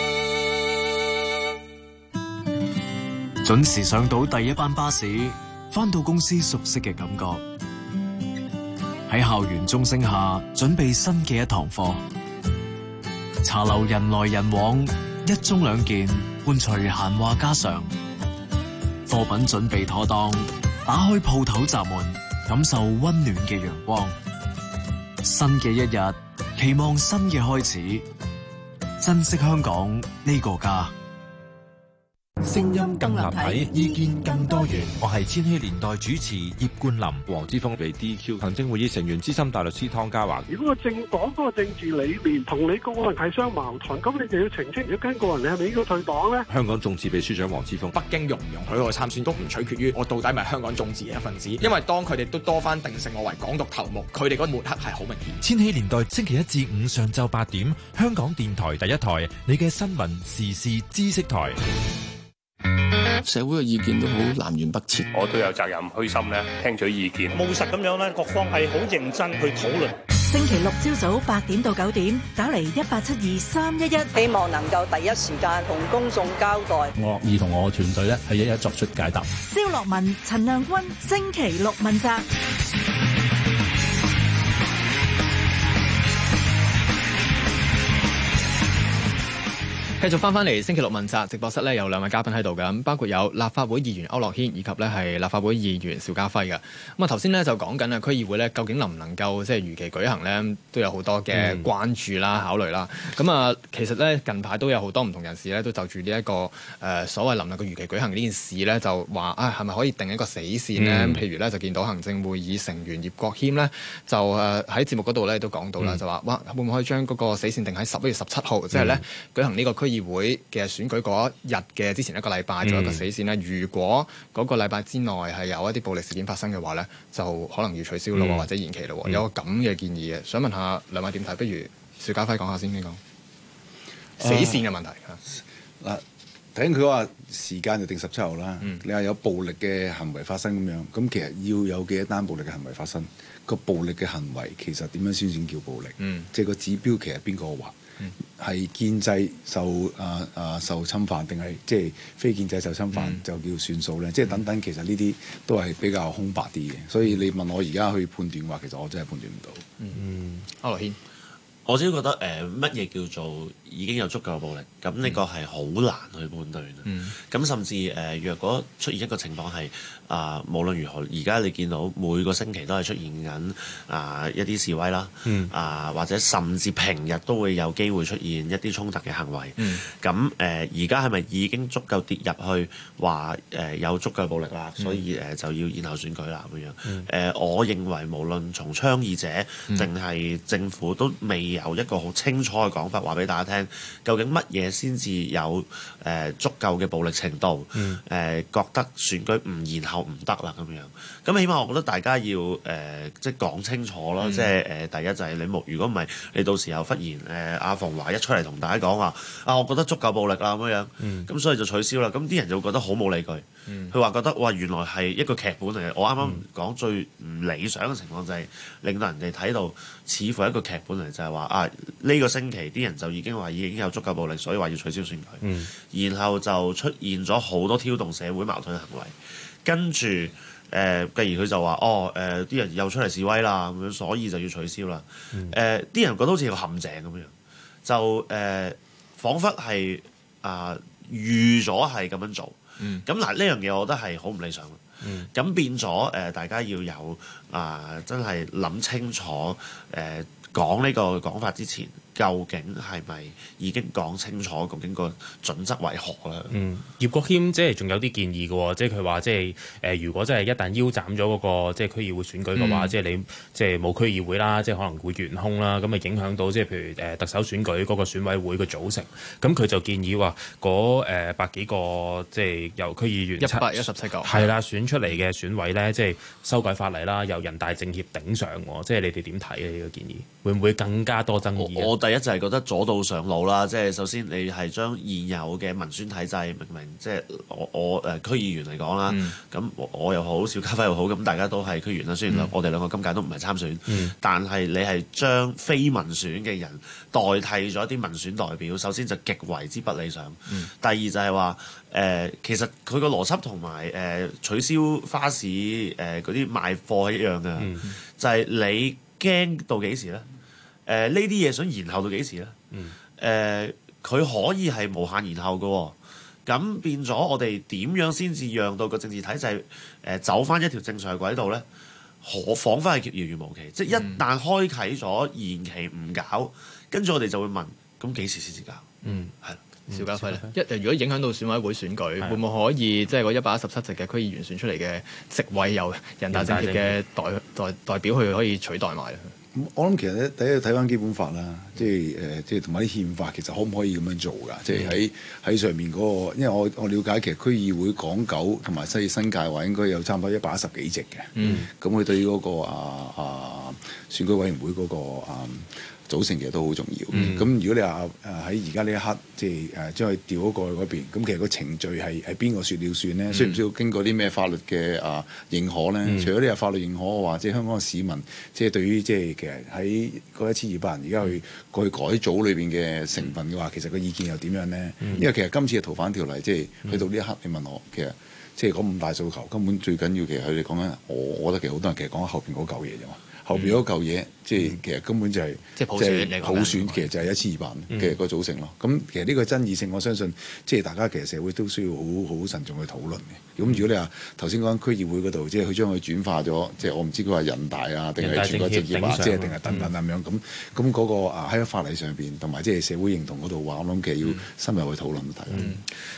準時上到第一班巴士，返到公司熟悉嘅感覺。喺校園鐘聲下，準備新嘅一堂課。茶樓人來人往，一盅兩件，伴隨閒話家常。貨品準備妥當，打開鋪頭閘門，感受温暖嘅陽光。新嘅一日，期望新嘅開始，珍惜香港呢個家。
聲音更立體，
意見更多元。我係千禧年代主持葉冠林，黃之鋒被 DQ，行政會議成員資深大律師湯家驊。
如果個政黨嗰個政治裏面同你個個人係相矛盾，咁你就要澄清，如果跟個人你係咪應該退黨呢？
香港眾志秘書長黃之鋒，北京容唔容許我參選都唔取決於我到底咪香港眾志嘅一份子，因為當佢哋都多番定性我為港獨頭目，佢哋嗰抹黑係好明顯。
千禧年代星期一至五上晝八點，香港電台第一台，你嘅新聞時事知識台。
社會嘅意見都好南轅北轍，我都有責任虛心咧聽取意見，務實咁
樣咧各方係好認真去討論。
星期六朝早八點到九點，打嚟一八七二三一一，希望能夠第一時間同公眾交代，我樂意同我嘅
團隊咧係一,一一作出解答。
蕭洛汶、陳亮均，星期六問責。
繼續翻返嚟星期六問責直播室咧，有兩位嘉賓喺度㗎，包括有立法會議員區諾軒以及咧係立法會議員邵家輝嘅。咁啊頭先咧就講緊啊區議會咧究竟能唔能夠即係如期舉行咧，都有好多嘅關注啦、考慮啦。咁啊、嗯、其實咧近排都有好多唔同人士咧都就住呢一個誒、呃、所謂臨臨嘅如期舉行呢件事咧，就話啊係咪可以定一個死線咧？譬、嗯、如咧就見到行政會議成員葉國謙咧就誒喺節目嗰度咧都講到啦，就話哇會唔會可以將嗰個死線定喺十一月十七號，嗯、即係咧舉行呢個區議議會嘅選舉嗰日嘅之前一個禮拜做一個死線咧，嗯、如果嗰個禮拜之內係有一啲暴力事件發生嘅話呢，就可能要取消咯，嗯、或者延期咯，嗯、有個咁嘅建議嘅，想問下兩位點睇？不如邵家輝講下先，你講死線嘅問題。嗱、
啊，頭先佢話時間就定十七號啦，嗯、你話有暴力嘅行為發生咁樣，咁其實要有幾多單暴力嘅行為發生？個暴力嘅行為其實點樣先算叫暴力？嗯、即係個指標其實邊個話？係建制受啊、啊、呃、受侵犯，定係即係非建制受侵犯就叫算數咧？嗯、即係等等，其實呢啲都係比較空白啲嘅。所以你問我而家去判斷嘅話，其實我真係判斷唔到。
嗯，諾軒。我只覺得誒，乜嘢叫做已經有足夠嘅暴力？咁呢個係好難去判斷啦。咁甚至誒，若果出現一個情況係啊，無論如何，而家你見到每個星期都係出現緊啊一啲示威啦，啊或者甚至平日都會有機會出現一啲衝突嘅行為。咁誒，而家係咪已經足夠跌入去話誒有足夠暴力啦？所以誒就要然後選舉啦咁樣。誒，我認為無論從倡議者定係政府都未有一個好清楚嘅講法，話俾大家聽，究竟乜嘢先至有誒、呃、足夠嘅暴力程度？誒、嗯呃、覺得選舉唔然後唔得啦咁樣。咁起碼我覺得大家要誒即係講清楚咯，嗯、即係誒、呃、第一就係你冇，如果唔係你到時候忽然誒阿馮華一出嚟同大家講話，啊我覺得足夠暴力啦咁樣，咁、嗯、所以就取消啦。咁啲人就會覺得好冇理據。佢話、嗯、覺得哇，原來係一個劇本嚟。我啱啱講最唔理想嘅情況就係、是嗯、令到人哋睇到似乎係一個劇本嚟，就係話啊，呢、這個星期啲人就已經話已經有足夠暴力，所以話要取消選舉。嗯、然後就出現咗好多挑動社會矛盾嘅行為。跟住誒，繼而佢就話哦，誒、呃、啲人又出嚟示威啦，咁樣所以就要取消啦。誒啲、嗯呃、人覺得好似個陷阱咁樣，就誒、呃、彷，彷彿係啊、呃、預咗係咁樣做。咁嗱，呢、嗯、樣嘢我覺得係好唔理想咯。咁、嗯、變咗誒、呃，大家要有啊、呃，真係諗清楚誒、呃，講呢個講法之前。究竟係咪已經講清楚？究竟個準則為何啦？嗯，葉國謙即係
仲有啲建議嘅喎，即係佢話即係誒，如果真係一旦腰斬咗嗰、那個即係、就是、區議會選舉嘅話，即係、嗯、你即係冇區議會啦，即、就、係、是、可能會懸空啦，咁咪影響到即係譬如誒、呃、特首選舉嗰個、個選委會嘅組成。咁佢就建議話嗰百幾個即係、就是、由區議員一百一十七個係啦選出嚟嘅選委咧，即、就、係、是、修改法例啦，由人大政協頂上。即、就、係、是、你哋點睇啊呢個建議？會唔會更加多爭議？我，我第一
就係覺得左到上腦啦，即、就、係、是、首先你係將現有嘅民選體制，明明即係我我誒、呃、區議員嚟講啦，咁、嗯、我又好，邵家輝又好，咁大家都係區議員啦。雖然我哋兩個今屆都唔係參選，嗯、但係你係將非民選嘅人代替咗啲民選代表，首先就極為之不理想。嗯、第二就係話誒，其實佢個邏輯同埋誒取消花市誒嗰啲賣貨係一樣嘅，嗯、就係你驚到幾時呢？誒呢啲嘢想延後到幾時咧？誒、嗯呃，佢可以係無限延後嘅、哦，咁變咗我哋點樣先至讓到個政治體制誒走翻一條正常軌道咧？可彷彿係遙遙無期。即係一旦開啟咗延期唔搞，跟住我哋就會問：咁幾時先至搞？嗯的，係、
嗯。邵家輝咧，
一如果影響到選委會選舉，的會唔會可
以即係嗰一百一十七席嘅區議員選出嚟嘅席位，有人大政協嘅代代代表去可以取代埋？
我諗其實咧，第一睇翻基本法啦，即係誒、呃，即係同埋啲憲法，其實可唔可以咁樣做㗎？嗯、即係喺喺上面嗰、那個，因為我我瞭解其實區議會港九同埋西新界話應該有差唔多一百一十幾席嘅，咁佢、嗯、對嗰、那個啊啊選舉委員會嗰、那個啊。組成其實都好重要，咁、嗯、如果你話誒喺而家呢一刻，即係誒將佢調咗過去嗰邊，咁其實個程序係喺邊個説了算咧？嗯、需唔需要經過啲咩法律嘅啊認可咧？嗯、除咗你個法律認可嘅話，即係香港嘅市民，即係對於即係其實喺嗰一千二百人而家去過去改組裏邊嘅成分嘅話，其實個意見又點樣咧？嗯、因為其實今次嘅逃犯條例即係、就是、去到呢一刻，你問我其實即係嗰五大訴求根本最緊要，其實佢哋講緊我，我覺得其實好多人其實講緊後邊嗰嚿嘢啫嘛。代表嗰嚿嘢，即係、嗯、其實根本就係即係普選。你講普選，普選其實就係一千二百萬嘅個組成咯。咁、嗯、其實呢個爭議性，我相信即係大家其實社會都需要好好慎重去討論嘅。咁、嗯、如果你話頭先講區議會嗰度，即係佢將佢轉化咗，即係我唔知佢話人大啊，定係全國政，政協啊，即係定係等等咁樣咁。咁嗰、嗯嗰個啊喺法例上邊，同埋即係社會認同嗰度話，我諗其實要深入去討論一啲、嗯家嗯。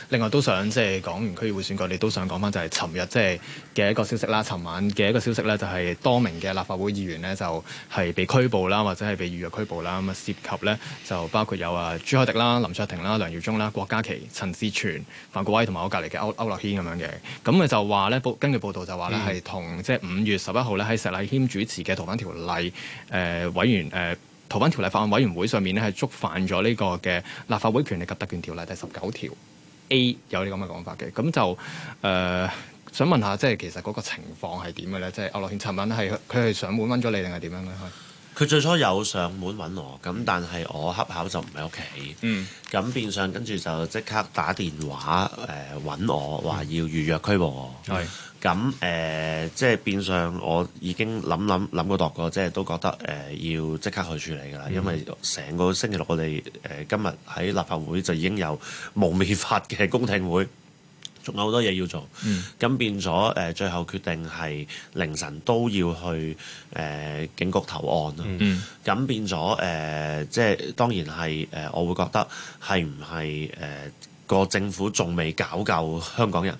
另外都想即係、就是、講完區議會
選舉，你都想講翻就係尋日即係嘅一個消息啦，尋晚嘅一個消息咧，就係、是、多名嘅立法會議員。咧就係被拘捕啦，或者係被預約拘捕啦。咁啊，涉及咧就包括有啊朱凱迪啦、林卓廷啦、梁耀忠啦、郭家麒、陳志全、范國威同埋我隔離嘅區區諾軒咁樣嘅。咁啊就話咧報，根據報道就話咧係同即係五月十一號咧喺石禮謙主持嘅逃犯條例誒委員誒逃犯條例法案委員會上面咧係觸犯咗呢個嘅立法會權力及特權條例第十九條 A 有啲咁嘅講法嘅。咁就誒。呃想問下，即係其實嗰個情況係點嘅咧？即係區諾軒尋晚係佢係上
門揾咗你，定係點樣咧？佢最初有上門揾我，咁但係我恰巧就唔喺屋企。嗯，咁、嗯、變相跟住就即刻打電話誒揾、呃、我，話要預約區喎。係咁誒，即係變相我已經諗諗諗過度過，即係都覺得誒、呃、要即刻去處理㗎啦。嗯、因為成個星期六我哋誒、呃、今日喺立法會就已經有無未發嘅公聽會。仲有好多嘢要做，咁、嗯、變咗誒、呃，最後決定係凌晨都要去誒、呃、警局投案咯。咁、嗯、變咗誒、呃，即係當然係誒、呃，我會覺得係唔係誒個政府仲未搞夠香港人？誒、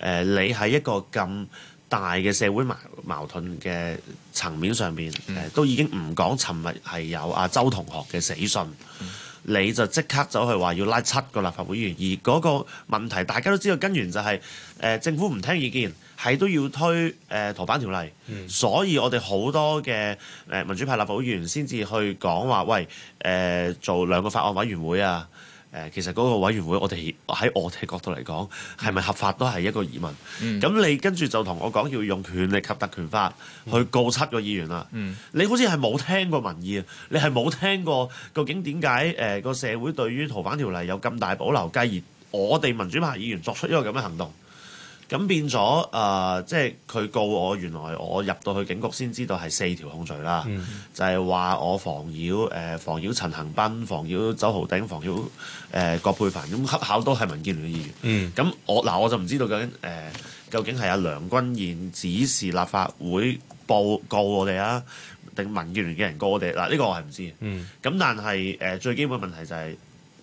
呃，你喺一個咁大嘅社會矛矛盾嘅層面上邊，誒、嗯呃、都已經唔講，尋日係有阿周同學嘅死訊。嗯。你就即刻走去話要拉七個立法會議員，而嗰個問題大家都知道根源就係、是呃、政府唔聽意見，係都要推誒《逃、呃、犯條例》嗯，所以我哋好多嘅民主派立法會議員先至去講話，喂誒、呃、做兩個法案委員會啊。誒，其實嗰個委員會，我哋喺我哋角度嚟講，係咪合法都係一個疑問。咁、嗯、你跟住就同我講要用權力及特權法去告七個議員啦。嗯、你好似係冇聽過民意啊？你係冇聽過究竟點解誒個社會對於逃犯條例有咁大保留，繼而我哋民主派議員作出一個咁嘅行動？咁變咗誒、呃，即係佢告我，原來我入到去警局先知道係四條控罪啦，嗯、就係話我妨擾誒，妨、呃、擾陳恒鑌，妨擾周浩鼎，妨擾誒葛珮帆。咁恰巧都係民建聯嘅議員。咁、嗯、我嗱，我就唔知道究竟誒、呃，究竟係阿梁君彥指示立法會報告我哋啊，定民建聯嘅人告我哋嗱？呢、呃這個我係唔知嘅。咁、嗯、但係誒、呃，最基本問題就係、是、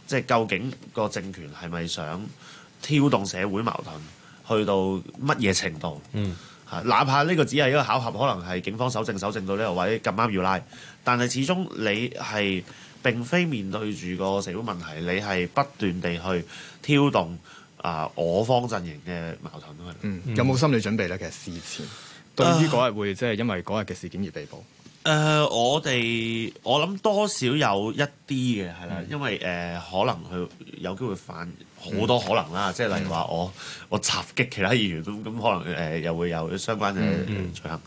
即係究竟個政權係咪想挑動社會矛盾？去到乜嘢程度？嗯，哪怕呢個只係一個巧合，可能係警方搜證搜證到呢個位咁啱要拉，但係始終你係並非面對住個社會問題，你係不斷地去挑動啊、呃、我方陣營嘅矛盾咯。嗯嗯、有冇心理準備呢？其實事前對於嗰日會即係因為嗰日嘅事件而被捕？啊啊誒、呃，我哋我諗多少有一啲嘅係啦，嗯、因為誒、呃、可能佢有機會犯好多可能啦，即係、嗯、例如話我我襲擊其他議員咁，咁可能誒、呃、又會有相關嘅罪行。咁、嗯嗯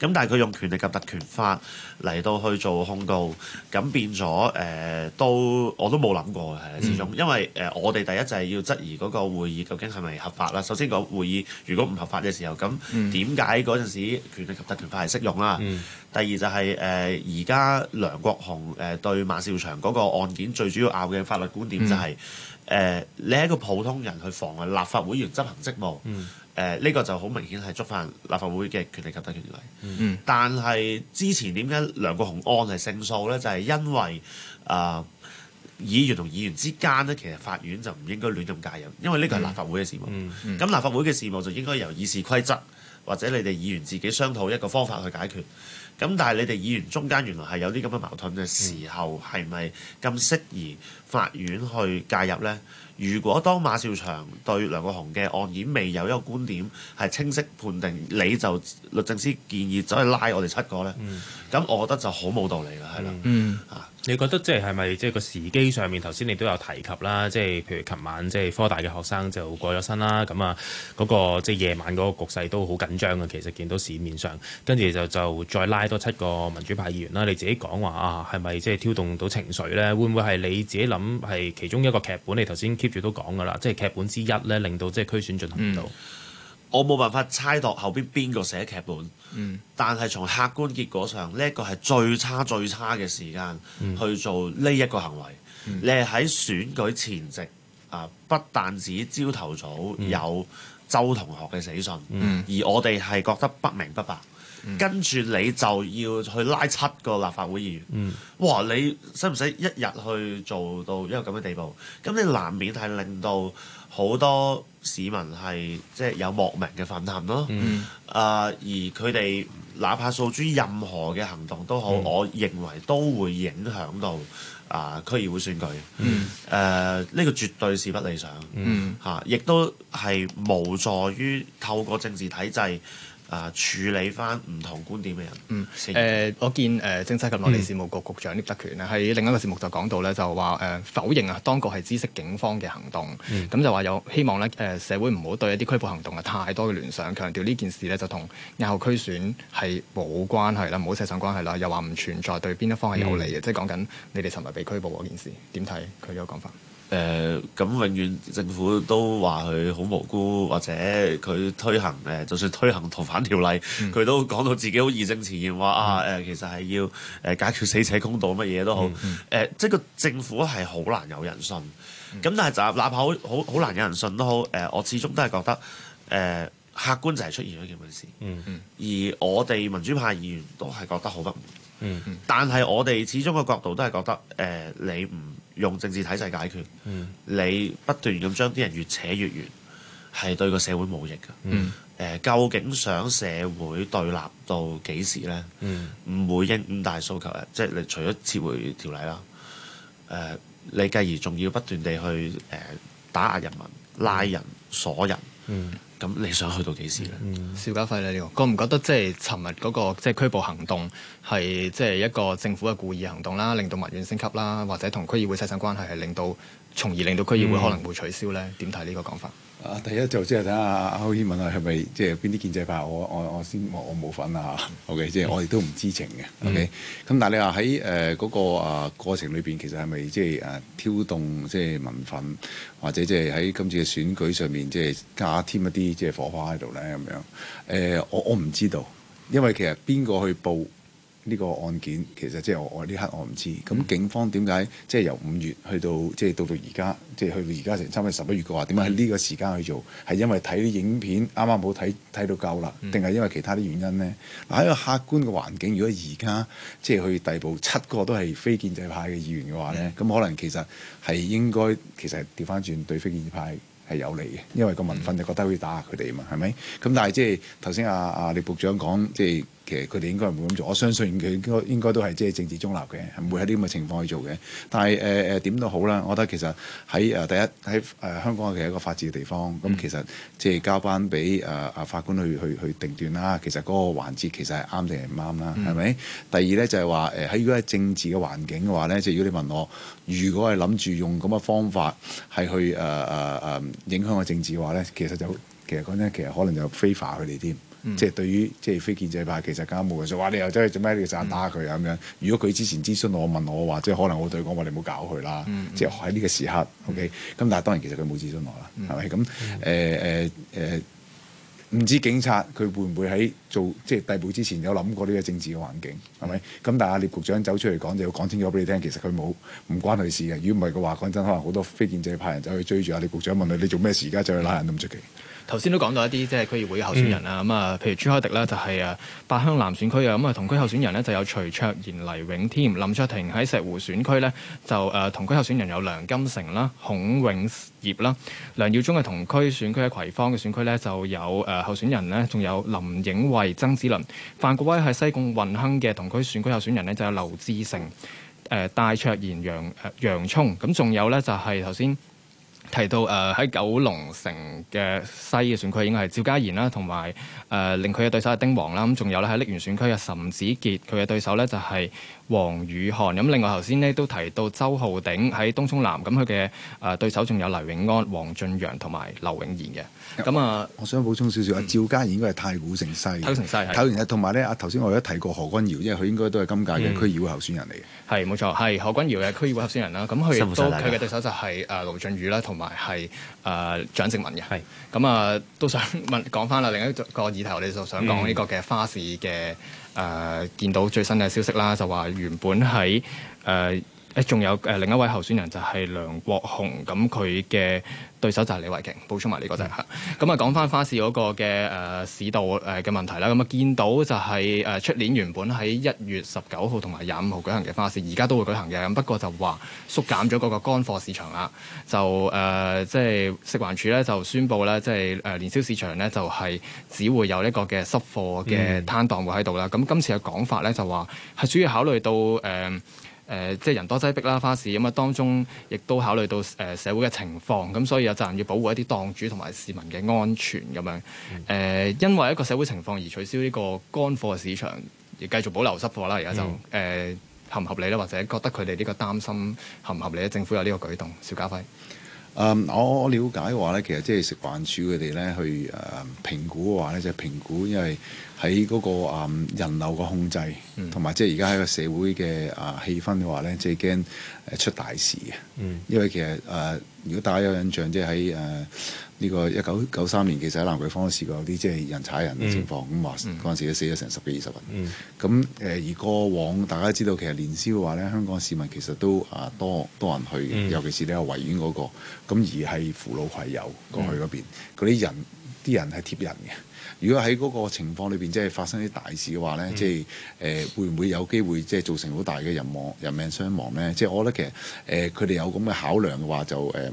呃、但係佢用權力及特權法嚟到去做控告，咁變咗誒、呃、都我都冇諗過嘅係始終，因為誒、呃、我哋第一就係要質疑嗰個會議究竟係咪合法啦。首先個會議，如果唔合法嘅時候，咁點解嗰陣時權力及特權法係適用啦？嗯嗯第二就係、是、誒，而、呃、家梁國雄誒、呃、對馬兆祥嗰個案件最主要拗嘅法律觀點就係、是、誒、嗯呃，你係一個普通人去妨礙立法會員執行職務，誒呢、嗯呃這個就好明顯係觸犯立法會嘅權力及特權利。嗯、但係之前點解梁國雄案係勝訴呢？就係、是、因為啊、呃，議員同議員之間呢，其實法院就唔應該亂咁介入，因為呢個係立法會嘅事務。咁、嗯嗯嗯、立法會嘅事務就應該由議事規則或者你哋議員自己商討一個方法去解決。咁但係你哋議員中間原來係有啲咁嘅矛盾嘅時候，係咪咁適宜法院去介入呢？如果當馬兆祥對梁國雄嘅案件未有一個觀點係清晰判定，你就律政司建議走去拉我哋七個呢，咁、嗯、我覺得就好冇道理㗎，係啦，
啊。你覺得即係係咪即係個時機上面頭先你都有提及啦，即係譬如琴晚即係科大嘅學生就過咗身啦，咁啊嗰個即係夜晚嗰個局勢都好緊張啊。其實見到市面上，跟住就就再拉多七個民主派議員啦。你自己講話啊，係咪即係挑動到情緒呢？會唔會係你自己諗係其中一個劇本？你頭先 keep 住都講㗎啦，即係劇本之一呢，令到即係區選進行唔到。嗯。
我冇辦法猜度後邊邊個寫劇本，嗯、但係從客觀結果上，呢一個係最差最差嘅時間、嗯、去做呢一個行為。嗯、你係喺選舉前夕啊，不但止朝頭早有周同學嘅死訊，嗯、而我哋係覺得不明不白。跟住你就要去拉七個立法會議員，嗯、哇！你使唔使一日去做到一個咁嘅地步？咁你難免係令到好多市民係即係有莫名嘅憤恨咯。啊、嗯呃，而佢哋哪怕訴諸任何嘅行動都好，嗯、我認為都會影響到啊區、呃、議會選舉。誒、嗯，呢、呃這個絕對是不理想嚇、嗯嗯呃，亦都係無助於透過政治體制。啊！處理翻唔同觀點嘅人
嗯、呃呃、
我見誒、呃、政制及內地事務局局長聶德權喺、嗯、另一個節目就講到咧，就話誒、呃、否認啊，當局係知悉警方嘅行動，咁、嗯、就話有希望咧誒、呃、社會唔好對一啲拘捕行動啊太多嘅聯想，強調呢件事咧就同日後區選係冇關係啦，唔好扯上關係啦。又話唔存在對邊一方係有利嘅，嗯、即係講緊你哋尋日被拘捕嗰件事點睇佢呢個講法？
誒咁、呃、永遠政府都話佢好無辜，或者佢推行誒、呃，就算推行逃犯條例，佢、嗯、都講到自己好義正辭嚴，話啊誒，其實係要誒、呃、解決死者公道乜嘢都好，誒、嗯嗯呃、即係個政府係好難有人信。咁、嗯、但係就哪怕好好難有人信都好，誒、呃、我始終都係覺得誒、呃、客觀就係出現咗件件事，嗯嗯嗯、而我哋民主派議員都係覺得好不滿，嗯嗯、但係我哋始終個角度都係覺得誒、呃呃、你唔用政治體制解決，嗯、你不斷咁將啲人越扯越遠，係對個社會冇益嘅。誒、嗯呃，究竟想社會對立到幾時咧？唔、嗯、會應五大訴求嘅，即係你除咗撤回條例啦，誒、呃，你繼而仲要不斷地去誒、呃、打壓人民、拉人、鎖人。嗯
咁你想去到幾時咧？邵、嗯、家輝咧呢、這個，覺唔覺得即係尋日嗰個即係、就是、拘捕行動係即係一個政府嘅故意行動啦，令到民怨升級啦，或者同區議會產生關係，係令到從而令到區議會可能會取消咧？點睇呢個講法？
啊，第一就即係睇下阿區先生問下係咪即係邊啲建制派，我我我先我冇份啊！OK，即、就、係、是嗯、我哋都唔知情嘅。OK，咁、嗯、但係你話喺誒嗰個啊過程裏邊，其實係咪即係誒挑動即係民憤，或者即係喺今次嘅選舉上面即係加添一啲？啲即係火花喺度咧，咁樣誒，我我唔知道，因為其實邊個去報呢個案件，其實即係我我呢刻我唔知。咁警方點解即係由五月去到即係到到而家，即係去到而家成差唔多十一月嘅話，點解喺呢個時間去做？係因為睇啲影片啱啱冇睇睇到夠啦，定係因為其他啲原因咧？喺個客觀嘅環境，如果而家即係去逮捕捕七個都係非建制派嘅議員嘅話咧，咁可能其實係應該其實調翻轉對非建制派。係有利嘅，因為個民憤就覺得可以打下佢哋啊嘛，係咪？咁但係即係頭先啊啊李部長講即係。其實佢哋應該唔會咁做，我相信佢應該應該都係即係政治中立嘅，唔會喺呢咁嘅情況去做嘅。但係誒誒點都好啦，我覺得其實喺誒第一喺誒香港係一個法治嘅地方，咁、嗯、其實即係交翻俾誒誒法官去去去定斷啦。其實嗰個環節其實係啱定係唔啱啦，係咪、嗯？第二咧就係話誒喺如果係政治嘅環境嘅話咧，即係、如果你問我，如果係諗住用咁嘅方法係去誒誒誒影響個政治嘅話咧，其實就其實講真，其實可能就非法佢哋添。嗯、即係對於即係非建制派，其實更加冇人話。哇！你又走去做咩？你散打佢啊咁樣。如果佢之前諮詢我，問我話，即係可能我對佢講話：你唔好搞佢啦。即係喺呢個時刻，OK。咁但係當然，其實佢冇諮詢我啦，係咪咁？誒誒誒，唔、呃呃呃、知警察佢會唔會喺做即係逮捕之前有諗過呢個政治嘅環境，係咪？咁但係阿李局長走出嚟講就要講清楚俾你聽，其實佢冇唔關佢事嘅。如果唔係嘅話，講真，可能好多非建制派人走去追住阿李局長問佢：你做咩事？而家走去拉人都唔出奇。
頭先都講到一啲即係區議會候選人啊，咁啊、嗯，譬如朱凱廸咧就係啊八鄉南選區啊，咁啊同區候選人咧就有徐卓賢、黎永添、林卓廷喺石湖選區咧，就誒同區候選人有梁金成啦、孔永業啦、梁耀忠嘅同區選區喺葵芳嘅選區咧就有誒候選人咧，仲有林影慧、曾子麟、范國威係西貢運亨嘅同區選區候選人咧就有劉志成、誒戴卓賢、楊誒楊聰，咁仲有咧就係頭先。提到誒喺、呃、九龍城嘅西嘅選區應該係趙家賢啦，同埋誒令佢嘅對手係丁王啦，咁仲有咧喺瀝源選區嘅岑子杰，佢嘅對手咧就係、是黃宇翰，咁另外頭先咧都提到周浩鼎喺東涌南，咁佢嘅誒對手仲有黎永安、黃俊陽同埋劉永賢嘅。
咁啊，我想補充少少，阿趙家賢應該係太古城西。太古城西係。同埋咧，阿頭先我亦都提過何君堯，因為佢應該都係今屆嘅區議會候選人嚟嘅。
係冇錯，係何君堯嘅區議會候選人啦。咁佢都佢嘅對手就係誒盧俊宇啦，同埋係誒蔣靜文嘅。係。咁啊，都想問講翻啦，另一個議題，我就想講呢個嘅花市嘅。誒、呃，見到最新嘅消息啦，就話原本喺誒。呃仲有誒另一位候選人就係梁國雄，咁佢嘅對手就係李慧瓊，補充埋呢個先嚇。咁啊、嗯，講翻花市嗰個嘅誒、呃、市道誒嘅問題啦。咁啊、就是，見到就係誒出年原本喺一月十九號同埋廿五號舉行嘅花市，而家都會舉行嘅。咁不過就話縮減咗嗰個乾貨市場啦。就誒、呃、即係食環署咧就宣布咧，即係誒年宵市場咧就係、是、只會有呢個嘅濕貨嘅攤檔會喺度啦。咁今、嗯、次嘅講法咧就話係主要考慮到誒。呃誒、呃、即係人多擠逼啦，花市咁啊、嗯，當中亦都考慮到誒、呃、社會嘅情況，咁所以有責任要保護一啲檔主同埋市民嘅安全咁樣。誒因為一個社會情況而取消呢個乾貨市場，而繼續保留濕貨啦。而家就誒、嗯呃、合唔合理咧？或者覺得佢哋呢個擔心合唔合理咧？政府有呢個舉動，
邵家輝。誒，um, 我了解嘅話咧，其實即係食環署佢哋咧去誒、呃、評估嘅話咧，就係、是、評估，因為喺嗰、那個、呃、人流嘅控制，同埋即係而家喺個社會嘅誒、啊、氣氛嘅話咧，即係驚誒出大事嘅。嗯、因為其實誒、呃，如果大家有印象，即係喺誒、呃呢個一九九三年其實喺蘭桂坊都試過有啲即係人踩人嘅情況，咁話嗰陣時都死咗成十幾二十人。咁誒、嗯、而過往大家知道其實年宵嘅話咧，香港市民其實都啊多多人去尤其是咧維園嗰、嗰個，咁而係扶老攜幼過去嗰邊，嗰啲、嗯、人啲人係貼人嘅。如果喺嗰個情況裏邊，即係發生啲大事嘅話咧，嗯、即係誒、呃、會唔會有機會即係造成好大嘅人亡、人命傷亡咧？即係我覺得其實誒佢哋有咁嘅考量嘅話，就誒、呃、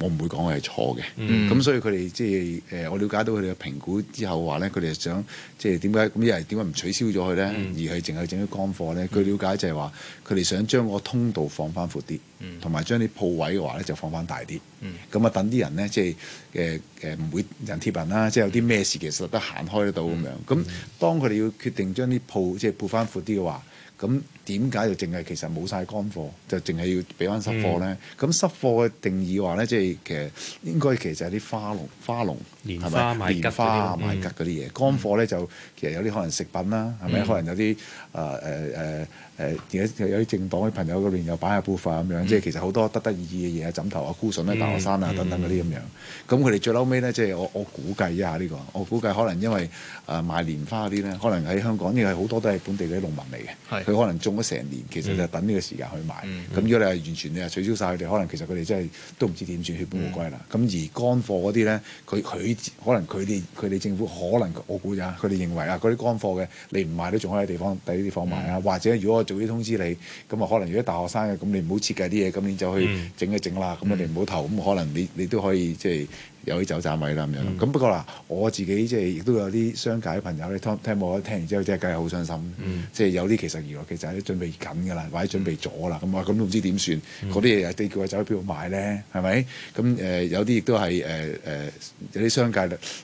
我唔會講佢係錯嘅。咁、嗯、所以佢哋即係誒、呃、我了解到佢哋嘅評估之後嘅話咧，佢哋想即係點解咁一係點解唔取消咗佢咧？嗯、而係淨係整啲乾貨咧？據了解就係話佢哋想將個通道放翻闊啲，同埋將啲鋪位嘅話咧就放翻大啲。咁、嗯、即係呃呃、啊，等啲人咧，即係誒誒唔會人貼文啦，即係有啲咩事其實得行開得到咁、嗯、樣。咁當佢哋要決定將啲鋪，即係鋪翻闊啲嘅話。咁點解就淨係其實冇晒乾貨，就淨係要俾翻濕貨咧？咁濕貨嘅定義話咧，即係其實應該其實係啲花農、花農係咪？賣年花、賣桔嗰啲嘢，乾貨咧就其實有啲可能食品啦，係咪？可能有啲誒誒誒誒，有啲政黨啲朋友嗰邊又擺下部分咁樣，即係其實好多得得意意嘅嘢，枕頭啊、菇筍啊、大學生啊等等嗰啲咁樣。咁佢哋最嬲尾咧，即係我我估計一下呢個，我估計可能因為誒賣蓮花啲咧，可能喺香港因為好多都係本地嗰啲農民嚟嘅。佢可能種咗成年，其實就等呢個時間去買。咁、嗯、如果你係完全你係取消晒，佢哋，可能其實佢哋真係都唔知點算，血本無歸啦。咁、嗯、而乾貨嗰啲咧，佢佢可能佢哋佢哋政府可能我估咋？佢哋認為啊，嗰啲乾貨嘅你唔賣都仲可以喺地方抵啲貨賣第啲地方賣啦。嗯、或者如果我早啲通知你，咁啊可能如果大學生嘅，咁你唔好設計啲嘢，咁你就去整一整啦。咁我哋唔好投，咁可能你你，你都可以即係。有啲走展位啦咁樣，咁、嗯、不過啦，我自己即係亦都有啲商界朋友，你聽聽我聽完之後，真係梗係好傷心。即係、嗯、有啲其實原來其實都準備緊噶啦，或者準備咗啦，咁啊咁都唔知點算，嗰啲嘢又地叫佢走去邊度買咧？係咪？咁誒、呃、有啲亦都係誒誒有啲商界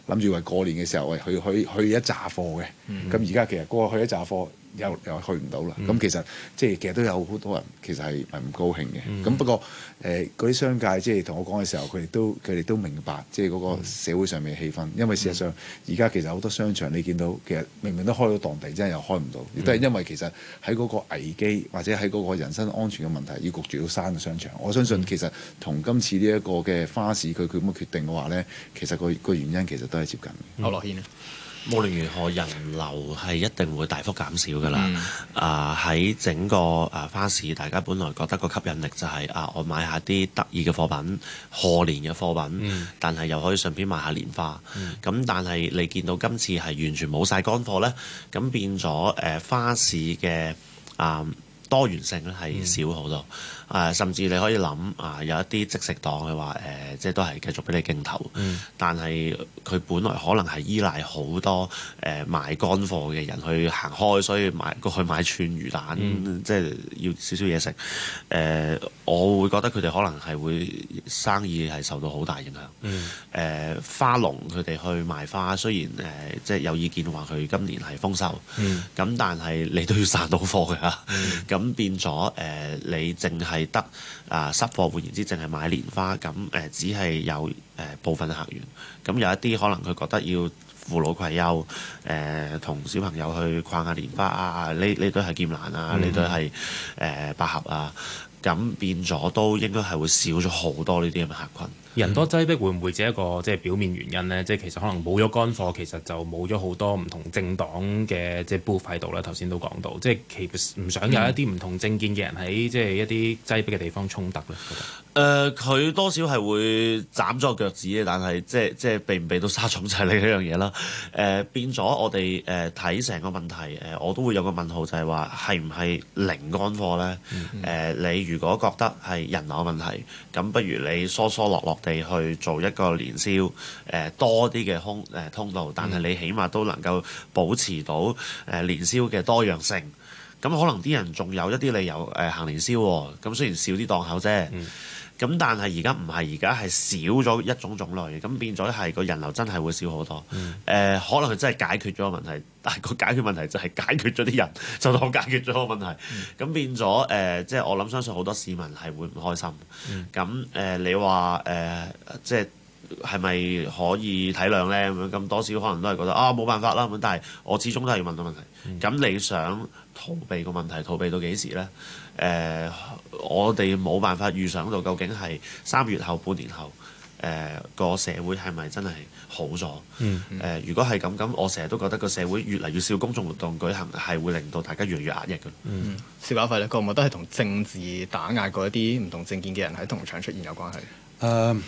諗住話過年嘅時候去去去，去一扎貨嘅，咁而家其實過去一扎貨。又又去唔到啦，咁、嗯、其實即係其實都有好多人其實係係唔高興嘅，咁、嗯、不過誒嗰啲商界即係同我講嘅時候，佢哋都佢哋都明白即係嗰個社會上面嘅氣氛，因為事實上而家、嗯、其實好多商場你見到其實明明都開到當地，真係又開唔到，都係、嗯、因為其實喺嗰個危機或者喺嗰個人身安全嘅問題，要焗住要閂個商場。我相信其實同今次呢一個嘅花市佢佢咁嘅決定嘅話呢，其實個個原因其實都係接近。
嗯 無論如何，人流係一定會大幅減少㗎啦。啊、mm. 呃，喺整個誒、呃、花市，大家本來覺得個吸引力就係、是、啊，我買一下啲得意嘅貨品、賀年嘅貨品，mm. 但係又可以順便買下年花。咁、mm. 嗯、但係你見到今次係完全冇晒乾貨呢，咁變咗誒、呃、花市嘅啊～、呃多元性咧係少好多，誒、嗯啊、甚至你可以諗啊，有一啲即食檔嘅話，誒、呃、即係都係繼續俾你鏡頭，嗯、但係佢本來可能係依賴好多誒賣、呃、乾貨嘅人去行開，所以買去買串魚蛋，嗯、即係要少少嘢食。誒、呃，我會覺得佢哋可能係會生意係受到好大影響。誒、嗯呃、花農佢哋去賣花，雖然誒、呃、即係有意見話佢今年係豐收，咁、嗯、但係你都要散到貨嘅 咁變咗誒、呃，你淨係得啊濕、呃、貨換言之，淨係買蓮花，咁、呃、誒只係有誒、呃、部分客源。咁、呃、有一啲可能佢覺得要扶老攜幼誒，同、呃、小朋友去逛下蓮花啊，呢呢堆係劍蘭啊，呢堆係誒百合啊，咁變咗都應該係會少咗
好多呢啲咁嘅客群。人多擠逼會唔會只係一個即係表面原因咧？即係其實可能冇咗乾貨，其實就冇咗好多唔同政黨嘅即係 buffer 度啦。頭先都講到，即係其
唔想有一啲唔同政見嘅人喺即係一啲擠逼嘅地方衝突咧。誒，佢、呃、多少係會斬咗腳趾嘅，但係即係即係避唔避到沙蟲就係另一樣嘢啦。誒、呃，變咗我哋誒睇成個問題誒、呃，我都會有個問號，就係話係唔係零乾貨咧？誒、嗯嗯呃，你如果覺得係人流問題，咁不如你疏疏落落，落。你去做一個年宵誒、呃、多啲嘅空誒通道，但係你起碼都能夠保持到誒、呃、年宵嘅多樣性。咁、嗯、可能啲人仲有一啲理由誒、呃、行年宵喎、哦，咁雖然少啲檔口啫。嗯咁但係而家唔係，而家係少咗一種種類嘅，咁變咗係個人流真係會少好多。誒、呃，可能佢真係解決咗個問題，但係個解決問題就係解決咗啲人，就當解決咗個問題。咁、嗯、變咗誒，即、呃、係我諗，相信好多市民係會唔開心。咁誒、嗯呃，你話誒，即係係咪可以體諒咧？咁多少可能都係覺得啊，冇辦法啦。咁但係我始終都係要問到問題。咁你想逃避個問題，逃避到幾時咧？誒、呃，我哋冇辦法預想到究竟係三月後、半年後，誒、呃、個社會係咪真係好咗？誒、嗯嗯呃，如果係咁，咁我成日都覺得個社會越嚟越少公眾活動舉行，係會令到大家越嚟越壓抑嘅。
嗯，少話、嗯、費咧，覺唔覺得係同政治打壓嗰一啲唔同政見嘅人喺同場出現有
關係？誒、uh，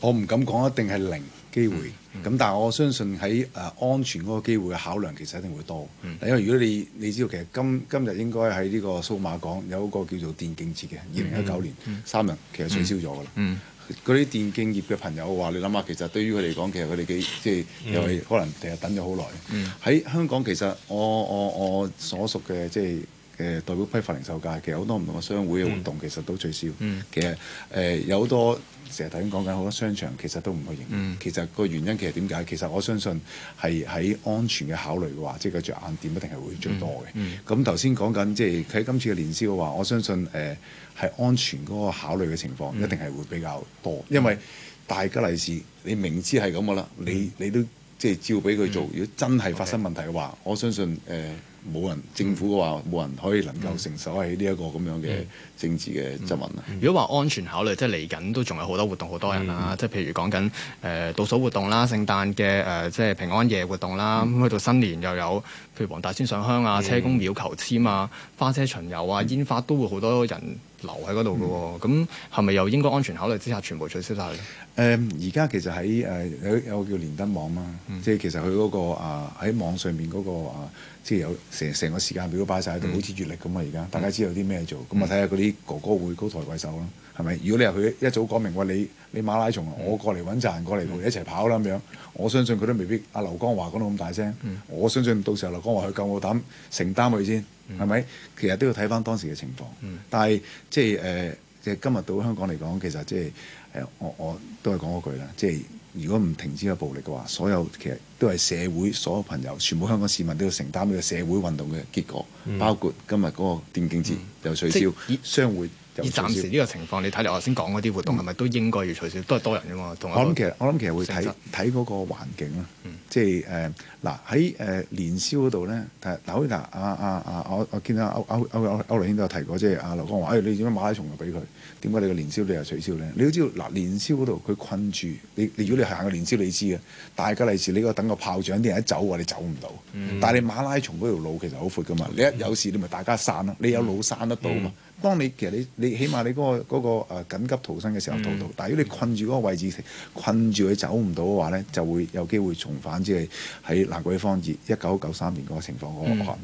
我唔敢講一定係零機會。嗯咁但係我相信喺誒安全嗰個機會嘅考量，其實一定會多。嗯、因為如果你你知道其實今今日應該喺呢個數碼港有一個叫做電競節嘅二零一九年、嗯、三日其實取消咗噶啦。嗰啲、嗯嗯、電競業嘅朋友話你諗下，其實對於佢嚟講，其實佢哋幾即係又係可能成日等咗好耐。喺、嗯、香港其實我我我所屬嘅即係。誒、呃、代表批發零售界，其實好多唔同嘅商會嘅活動，其實都取消。嗯嗯、其實誒、呃、有好多成日頭先講緊好多商場，其實都唔去營。嗯、其實個原因其實點解？其實我相信係喺安全嘅考慮嘅話，即係着眼點一定係會最多嘅。咁頭先講緊即係喺今次嘅連銷嘅話，我相信誒係、呃、安全嗰個考慮嘅情況一定係會比較多，嗯、因為大吉利是你明知係咁嘅啦，你你都即係照俾佢做。如果真係發生問題嘅話，Okay. 我相信誒。呃呃冇人，政府嘅話冇人可以能夠承受起呢一個咁樣嘅政治嘅質問啊！嗯嗯嗯、如果話安全考慮，即係嚟
緊都仲有好多活動、好多人啊！即係、嗯嗯、譬如講緊誒倒數活動啦、聖誕嘅誒即係平安夜活動啦，咁、嗯、去到新年又有，譬如黃大仙上香啊、車公廟求籤啊、花車巡遊啊、煙花都會好多人留喺嗰度㗎喎。咁係咪又應該安
全考慮之下全部取消晒？咧、嗯？誒，而家其實喺誒有有個叫連登網啦，即係其實佢嗰、那個啊喺網上面、那、嗰個啊。啊啊啊即係有成成個時間表都擺晒喺度，好似月曆咁啊！而家、嗯、大家知道啲咩做，咁啊睇下嗰啲哥哥會高抬貴手啦，係咪？如果你話佢一早講明話、哎、你你馬拉松啊，我過嚟揾賺，過嚟同你一齊跑啦咁樣，我相信佢都未必。阿劉江華講到咁大聲，嗯、我相信到時候劉江華佢夠我膽，膽承擔佢先，係咪？其實都要睇翻當時嘅情況。但係即係誒，其實、呃、今日到香港嚟講，其實即係誒、呃，我我都係講嗰句啦，即係。如果唔停止個暴力嘅話，所有其實都係社會所有朋友，全部香港市民都要承擔呢個社會運動嘅結果。嗯、包括今日嗰個電競節又取消，嗯、商會又取消。暫時呢個情
況，你睇你頭先講嗰啲活動係咪、嗯、都應該要取消？都係多人㗎嘛。我諗其
實我諗其實會睇睇嗰個環境咯。即係誒嗱喺誒年宵嗰度咧，嗱嗱阿阿阿我我見到、啊啊啊、歐歐歐歐雷兄都有提過，即係阿劉江華：哎，你點解馬拉松又俾佢？點解你個年宵你又取消咧？你都知道嗱、啊，年宵嗰度佢困住你,你。如果你行過年宵，你知嘅。大吉利是，你個等個炮仗啲人一走嘅話，你走唔到。嗯、但係你馬拉松嗰條路其實好闊噶嘛。你一有事，你咪大家散咯。你有路散得到嘛？嗯、當你其實你你起碼你嗰、那個嗰、那個、啊、緊急逃生嘅時候逃到。但係如果你困住嗰個位置，困住佢走唔到嘅話咧，就會有機會重返即係喺蘭桂坊。二一九九三年嗰個情況好、那個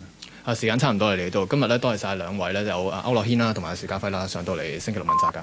啊，時間差唔多啦嚟到，今日多謝曬兩位，有啊歐樂軒啦，同埋啊邵家輝啦，上到嚟星期六問責㗎。